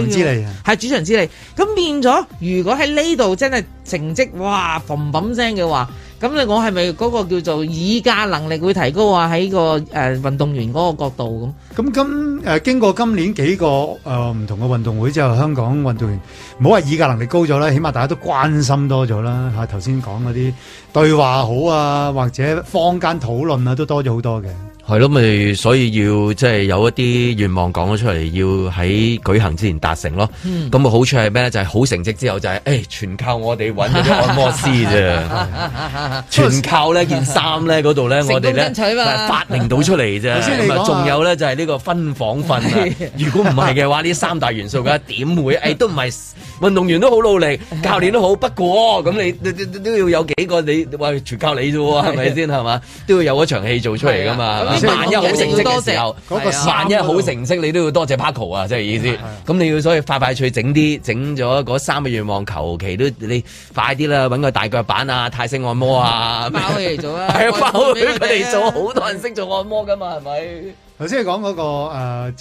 主場之利。咁變咗，如果喺呢度真係成績哇，嘭嘭聲嘅話。咁你我係咪嗰個叫做議價能力會提高啊？喺個誒運動員嗰個角度咁。咁今誒經過今年幾個誒唔同嘅運動會之後，香港運動員唔好話議價能力高咗啦，起碼大家都關心多咗啦。吓，頭先講嗰啲對話好啊，或者坊間討論啊，都多咗好多嘅。係咯，咪所以要即係有一啲願望講咗出嚟，要喺舉行之前達成咯。咁個、嗯、好處係咩咧？就係、是、好成績之後就係、是，誒、欸，全靠我哋揾啲按摩師啫， 全靠件呢件衫咧嗰度咧，我哋咧發明到出嚟啫。咁仲有咧就係呢個分房瞓。 如果唔係嘅話，呢 三大元素嘅點會？誒、欸，都唔係，運動員都好努力，教練都好。不過咁你都，都要有幾個你，喂、欸，全靠你啫，係咪先？係嘛，都要有一場戲做出嚟噶嘛。的萬一好成績嘅時候，萬一好成績，你都要多謝 Paco 啊，即係意思。咁你要所以快快脆整啲，整咗嗰三個願望求其都你快啲啦，揾個大腳板啊，泰式按摩啊，包佢哋做啊，係麼啊，包佢佢哋做，好多人識做按摩噶嘛，係咪？頭先你講嗰個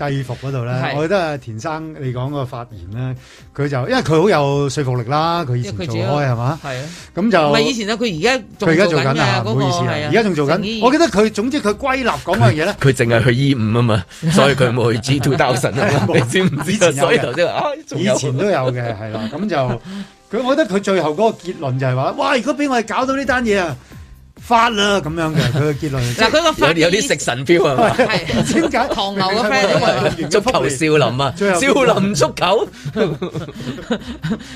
誒制服嗰度咧，我覺得啊田生你講個發言咧，佢就因為佢好有說服力啦，佢以前做開係嘛，係啊，咁就唔係以前佢而家佢而家做緊啊，唔好意思，而家仲做緊。我記得佢，總之佢歸納講嗰樣嘢咧，佢淨係去 E 五啊嘛，所以佢冇去止 to Dawson 啊，你知唔知？所以頭先啊，以前都有嘅，係啦，咁就佢我覺得佢最後嗰個結論就係話，哇！如果俾我哋搞到呢單嘢啊！翻啦，咁樣嘅佢嘅結論， 發有啲食神飆啊，嘛是？係點解唐牛嘅 friend 足球少林啊？少 一林足球，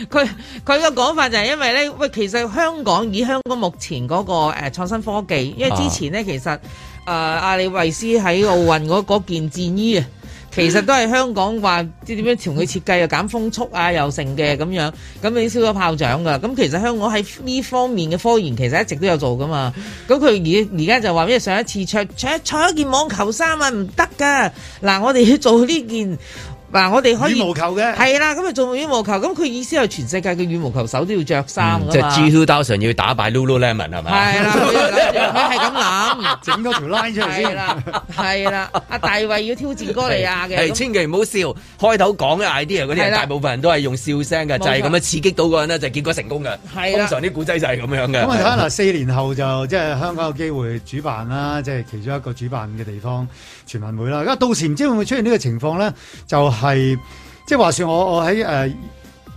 佢佢嘅講法就係因為咧，喂，其實香港以香港目前嗰、那個誒、呃、創新科技，因為之前咧其實誒、呃、阿里維斯喺奧運嗰件戰衣啊。 其實都係香港話，即點樣同佢設計又減風速啊又成，又剩嘅咁樣，咁你燒咗炮仗噶，咁其實香港喺呢方面嘅科研其實一直都有做噶嘛，咁佢而而家就話咩上一次著著一件網球衫啊唔得噶，嗱我哋要做呢件。嗱、啊，我哋可以羽毛球嘅，係啦，咁咪做羽毛球，咁佢意思係全世界嘅羽毛球手都要着衫啊嘛，即係 G two Dawson 要打敗 Lululemon 係咪？係啦，佢係咁諗，整咗條 line 出嚟先。係啦，係啦，阿大衛要挑戰哥利亞嘅。係麼千祈唔好笑，開頭講嘅 idea 啲人大部分人都係用笑聲嘅，了就係咁樣刺激到個人呢，就是、結果成功嘅。係了通常啲古仔就係咁樣嘅。咁啊睇下四年後就即係、就是、香港有機會主辦啦，即、就、係、是、其中一個主辦嘅地方。全運會啦，而家到時唔知會唔會出現呢個情況咧，就係、是、即係話說我我喺誒。呃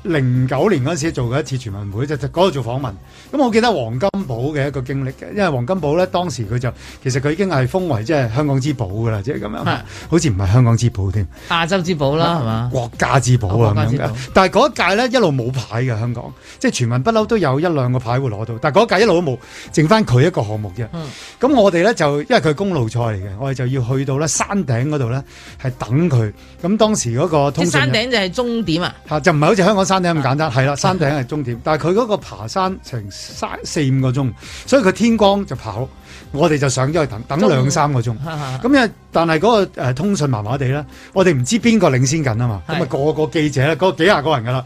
零九年嗰陣時做過一次全運會，就喺嗰度做訪問。咁我記得黃金寶嘅一個經歷嘅，因為黃金寶咧當時佢就其實佢已經係封為即係香港之寶噶啦，即係咁樣，的好似唔係香港之寶添，亞洲之寶啦，係嘛？國家之寶啊咁吧樣，但係嗰一屆咧一路冇牌嘅香港，即係全運不嬲都有一兩個牌會攞到，但係嗰一屆一路都冇，剩翻佢一個項目啫。咁、嗯、我哋咧就因為佢公路賽嚟嘅，我哋就要去到咧山頂嗰度咧係等佢。咁當時嗰個通山頂就係終點啊？嚇，就唔係好似香港。山頂咁簡單，係啦、啊，山頂係終點，啊、但係佢嗰個爬山成三四五個鐘，所以佢天光就跑，我哋就上咗去等等兩三個鐘，咁啊，啊但係嗰個誒通訊麻麻地啦，我哋唔知邊個領先緊啊嘛，咁啊是個個記者咧，嗰、那個、幾廿個人噶啦，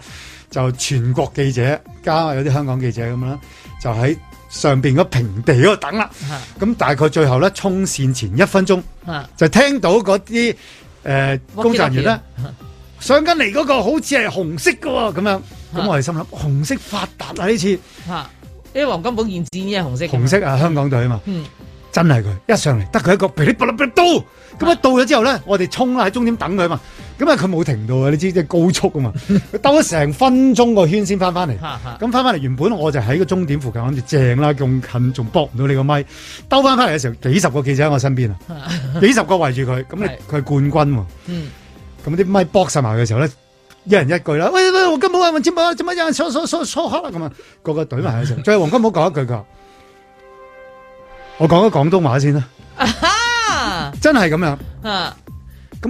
就全國記者加埋有啲香港記者咁啦，就喺上邊嗰平地嗰度等啦，咁、啊、大概最後咧衝線前一分鐘，啊、就聽到嗰啲誒工作人員咧。啊啊上緊嚟嗰個好似係紅色喎。咁樣，咁、啊、我哋心諗紅色發達啊！呢次，啲黃金寶現戰呢係紅色，紅色啊！香港隊啊嘛，嗯、真係佢一上嚟得佢一個噼啲，嗶啦嗶啦到，咁一到咗之後咧，我哋衝啦，喺終點等佢啊嘛，咁啊佢冇停到啊！你知即係高速啊嘛，佢兜咗成分鐘個圈先翻翻嚟，咁翻翻嚟原本我就喺個終點附近諗住正啦，咁近仲搏唔到你個咪。兜翻翻嚟嘅時候幾十個記者喺我身邊啊，幾十個圍住佢，咁佢佢係冠軍。啊嗯咁啲咪 box 埋嘅時候咧，一人一句啦。喂喂，黃金寶啊，做乜嘢？吵吵吵吵啦咁啊！個個懟埋喺最後黃金寶講一句㗎。我講咗廣東話先啦。啊哈！真係咁樣咁、啊哈啊、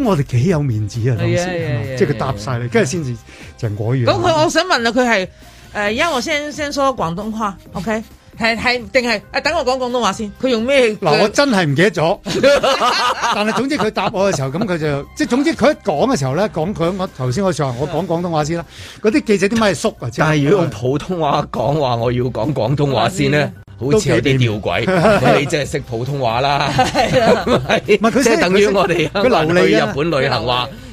我哋幾有面子啊！當時即係佢答晒你、啊，跟住先至成嗰樣咁佢我想問啦，佢係誒，因、呃、為我先先說廣東話，OK？ 係係定係？啊，等我講廣東話先。佢用咩？嗱， 我真係唔記得咗。但係總之佢答我嘅時候咁，佢就即係總之佢一講嘅時候咧，講佢我頭先我上我講廣東話先啦。嗰啲記者點解係縮啊？但係如果用普通話講話，我要講廣東話先咧，嗯、好似有啲吊詭。你即係識普通話啦，即係等於我哋佢流利、啊、日本旅行話。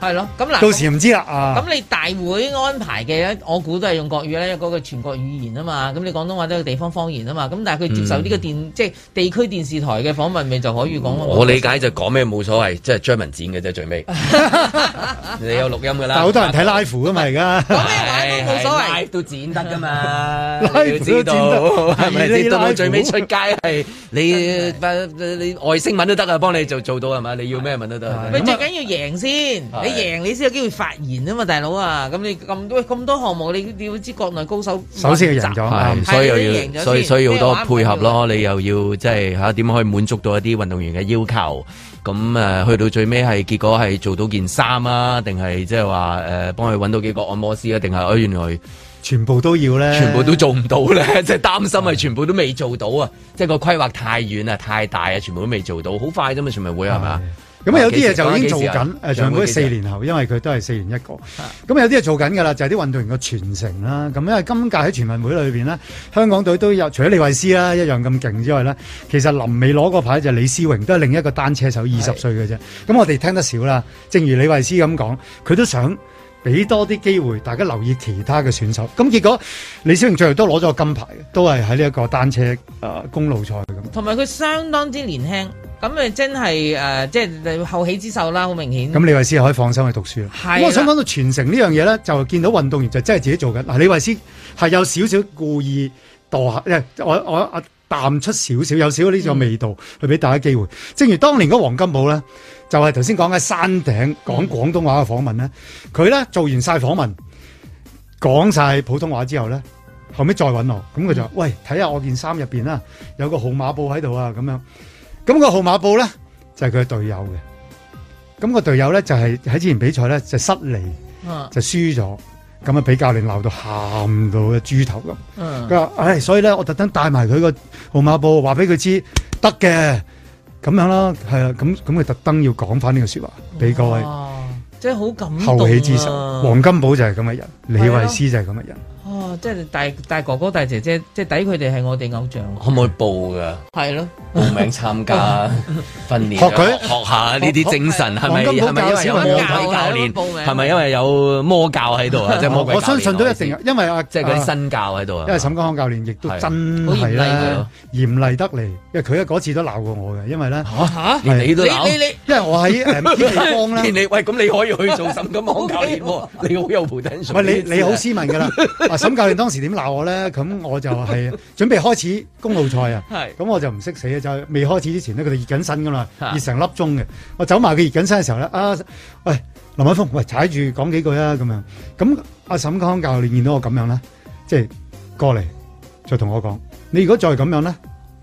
係咯，咁嗱，到時唔知啦。咁你大會安排嘅我估都係用國語咧，有嗰個全國語言啊嘛。咁你廣東話都有個地方方言啊嘛。咁但係佢接受呢個電，即係地區電視台嘅訪問，咪就可以講咯。我理解就講咩冇所謂，即係將文剪嘅啫，最尾。你有錄音噶啦，但好多人睇 live 噶嘛而家。講咩文冇所謂，都剪得噶嘛。要知道係咪？你到最尾出街係你你外星文都得啊，幫你就做到係嘛？你要咩文都得。咪最緊要贏先。你贏你先有機會發言啊嘛，大佬啊！咁你咁多咁多項目，你你要知國內高手首先要贏咗，係，所以又要，所以需要好多配合咯。你又要即係吓點樣可以滿足到一啲運動員嘅要求？咁誒，去到最尾係結果係做到件衫啊，定係即係話誒幫佢揾到幾個按摩師啊？定係哦，原來全部都要咧，全部都做唔到咧，即係擔心係全部都未做到啊！即係個規劃太遠啊，太大啊，全部都未做到，好快啫嘛，全運會係嘛。咁啊，嗯嗯、有啲嘢就已經做緊。誒，長跑、呃、四年後，因為佢都係四年一個。咁、啊、有啲嘢做緊㗎啦，就係、是、啲運動員嘅傳承啦。咁因為今屆喺全運會裏面咧，香港隊都有除咗李慧詩啦一樣咁勁之外咧，其實臨尾攞個牌就李思榮，都係另一個單車手二十歲嘅啫。咁是的 我哋聽得少啦。正如李慧詩咁講，佢都想。俾多啲機會，大家留意其他嘅選手。咁結果李小平最後都攞咗個金牌，都係喺呢一個單車公路賽咁。同埋佢相當之年輕，咁啊真係誒、呃，即係後起之秀啦，好明顯。咁李慧詩可以放心去讀書啦。的我想講到傳承呢樣嘢咧，就見到運動員就真係自己做緊。嗱，李慧詩係有少少故意墮下，即係我我淡出少少，有少少呢種味道、嗯、去俾大家機會。正如當年嗰黃金寶咧。就係頭先講喺山頂講廣東話嘅訪問咧，佢咧做完晒訪問，講晒普通話之後咧，後尾再搵我，咁佢就話：，喂，睇下我件衫入邊啦，有個號碼布喺度啊，咁樣。咁個號碼布咧就係佢嘅隊友嘅。咁個隊友咧就係喺之前比賽咧就失利，就輸咗，咁啊俾教練鬧到喊到豬頭咁。佢話：，唉，所以咧我特登帶埋佢個號碼布，話俾佢知，得嘅。咁樣啦，係啊，咁咁佢特登要講翻呢個説話俾哇各位，即係好感動、啊，後起之秀，黃金寶就係咁嘅人，李慧詩就係咁嘅人。即係大大哥哥、大姐姐，即係抵佢哋係我哋偶像。可唔可以報噶？係咯，報名參加訓練，學佢學下呢啲精神係咪？係咪因為魔教練？係咪因為有魔教喺度啊？即我相信都一定，因為阿即係佢新教喺度。啊。因為沈金康教練亦都真係啦，嚴厲得嚟。因為佢咧嗰次都鬧過我嘅，因為咧嚇連你都鬧，因為我喺誒邊方咧。喂，咁你可以去做沈金康教練，你好有抱緊水。喂，你你好斯文噶啦。咁教練當時點鬧我咧？咁我就係準備開始公路賽啊。係咁 是我就唔識死啊，就未開始之前咧，佢哋熱緊身噶啦，熱成粒鐘嘅。啊、我走埋佢熱緊身嘅時候咧，啊、哎、文喂，林海峰，喂踩住講幾句啊咁樣。咁阿、啊、沈康教練見到我咁樣咧，即、就、係、是、過嚟就同我講：你如果再咁樣咧，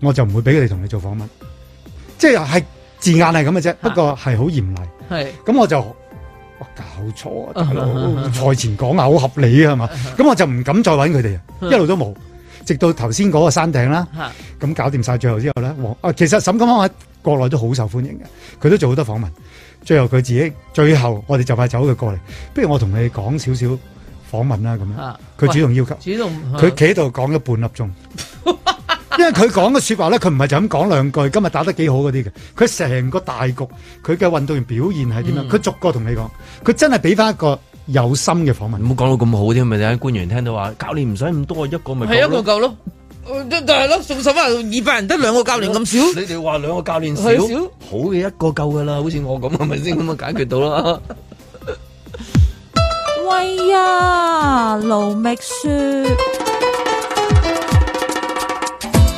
我就唔會俾佢哋同你做訪問。即係係字眼係咁嘅啫，不過係好嚴厲。係咁、啊、我就。哇，搞錯啊大佬！賽前講啊，好合理嘅係嘛？咁我就唔敢再揾佢哋，一路都冇，直到頭先嗰個山頂啦，咁搞掂晒最後之後咧，王啊，其實沈金康喺國內都好受歡迎嘅，佢都做好多訪問，最後佢自己最後我哋就快走佢過嚟，不如我同你講少少訪問啦，咁樣，佢主動要求，主動，佢企喺度講咗半粒鐘。因為佢講嘅說話咧，佢唔係就咁講兩句，今日打得幾好嗰啲嘅，佢成個大局，佢嘅運動員表現係點樣，佢、嗯、逐個同你講，佢真係俾翻一個有心嘅訪問，嗯、唔好講到咁好添，咪啲官員聽到話，教練唔使咁多一個咪係一個夠咯，都係咯，五十萬二百人得兩個教練咁少，你哋話兩個教練少，少好嘅一個夠噶啦，好似我咁係咪先咁樣解決到啦？ 喂呀，盧覓雪。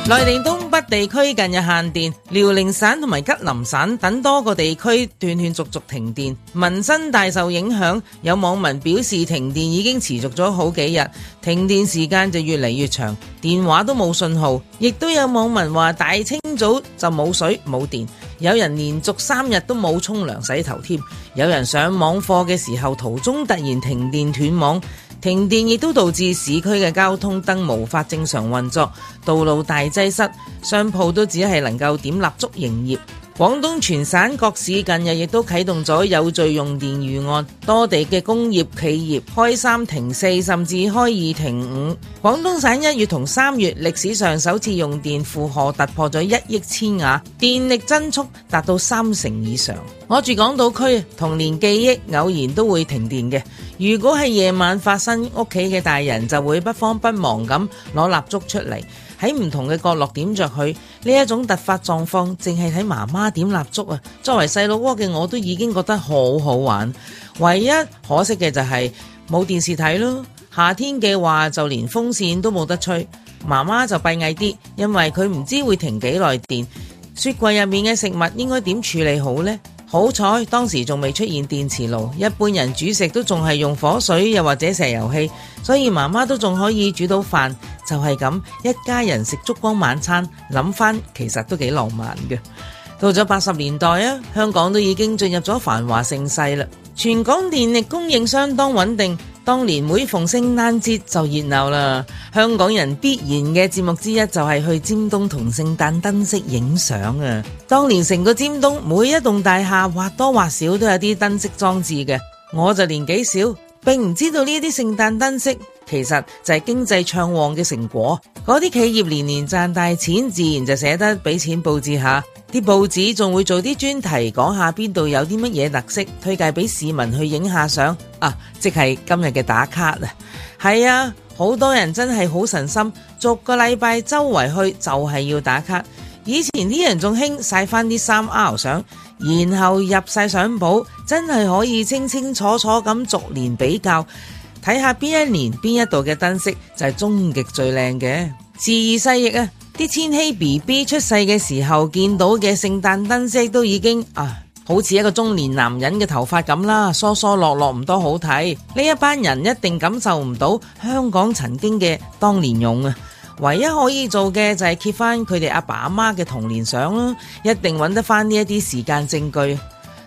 內地東北地區近日限電，遼寧省同埋吉林省等多個地區斷斷續續停電，民生大受影響。有網民表示，停電已經持續咗好幾日，停電時間就越嚟越長，電話都冇信號。亦都有網民話，大清早就冇水冇電，有人連續三日都冇沖涼洗頭添，有人上網課嘅時候途中突然停電斷網。停電亦都導致市區嘅交通燈無法正常運作，道路大擠塞，商鋪都只係能夠點蠟燭營業。廣東全省各市近日亦都啟動咗有序用電預案，多地嘅工業企業開三停四，甚至開二停五。廣東省一月同三月歷史上首次用電負荷突破咗一億千瓦，電力增速達到三成以上。我住港島區，童年記憶偶然都會停電嘅，如果係夜晚發生，屋企嘅大人就會不慌不忙咁攞蠟燭出嚟。喺唔同嘅角落點着佢，呢一種突發狀況，淨係睇媽媽點蠟燭啊！作為細佬哥嘅我都已經覺得好好玩，唯一可惜嘅就係冇電視睇咯。夏天嘅話就連風扇都冇得吹，媽媽就閉翳啲，因為佢唔知會停幾耐電。雪櫃入面嘅食物應該點處理好呢？好彩，當時仲未出現電磁爐，一般人煮食都仲係用火水，又或者石油氣，所以媽媽都仲可以煮到飯。就係咁，一家人食燭光晚餐，諗翻其實都幾浪漫嘅。到咗八十年代啊，香港都已經進入咗繁華盛世啦，全港電力供應相當穩定。當年每逢聖誕節就熱鬧啦，香港人必然嘅節目之一就係去尖東同聖誕燈飾影相啊！當年成個尖東每一棟大廈或多或少都有啲燈飾裝置嘅，我就年紀小，並唔知道呢啲聖誕燈飾。其實就係經濟暢旺嘅成果，嗰啲企業年年賺大錢，自然就捨得俾錢布置下。啲報紙，仲會做啲專題講下邊度有啲乜嘢特色，推介俾市民去影下相啊！即係今日嘅打卡是啊！係啊，好多人真係好神心，逐個禮拜周圍去就係要打卡。以前啲人仲興晒翻啲三 R 相，然後入晒相簿，真係可以清清楚楚咁逐年比較。睇下邊一年邊一度嘅燈飾就係、是、終極最靚嘅。時移世易啊，啲千禧 B B 出世嘅時候見到嘅聖誕燈飾都已經啊，好似一個中年男人嘅頭髮咁啦，疏疏落落唔多好睇。呢一班人一定感受唔到香港曾經嘅當年勇啊！唯一可以做嘅就係揭翻佢哋阿爸阿媽嘅童年相啦，一定搵得翻呢一啲時間證據。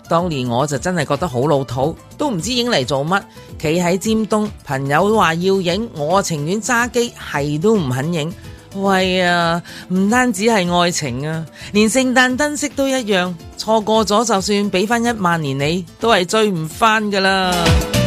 當年我就真係覺得好老土，都唔知影嚟做乜。企喺尖東，朋友話要影，我情願揸機，係都唔肯影。喂啊，唔單止係愛情啊，連聖誕燈飾都一樣。錯過咗，就算俾翻一萬年你，都係追唔翻㗎喇。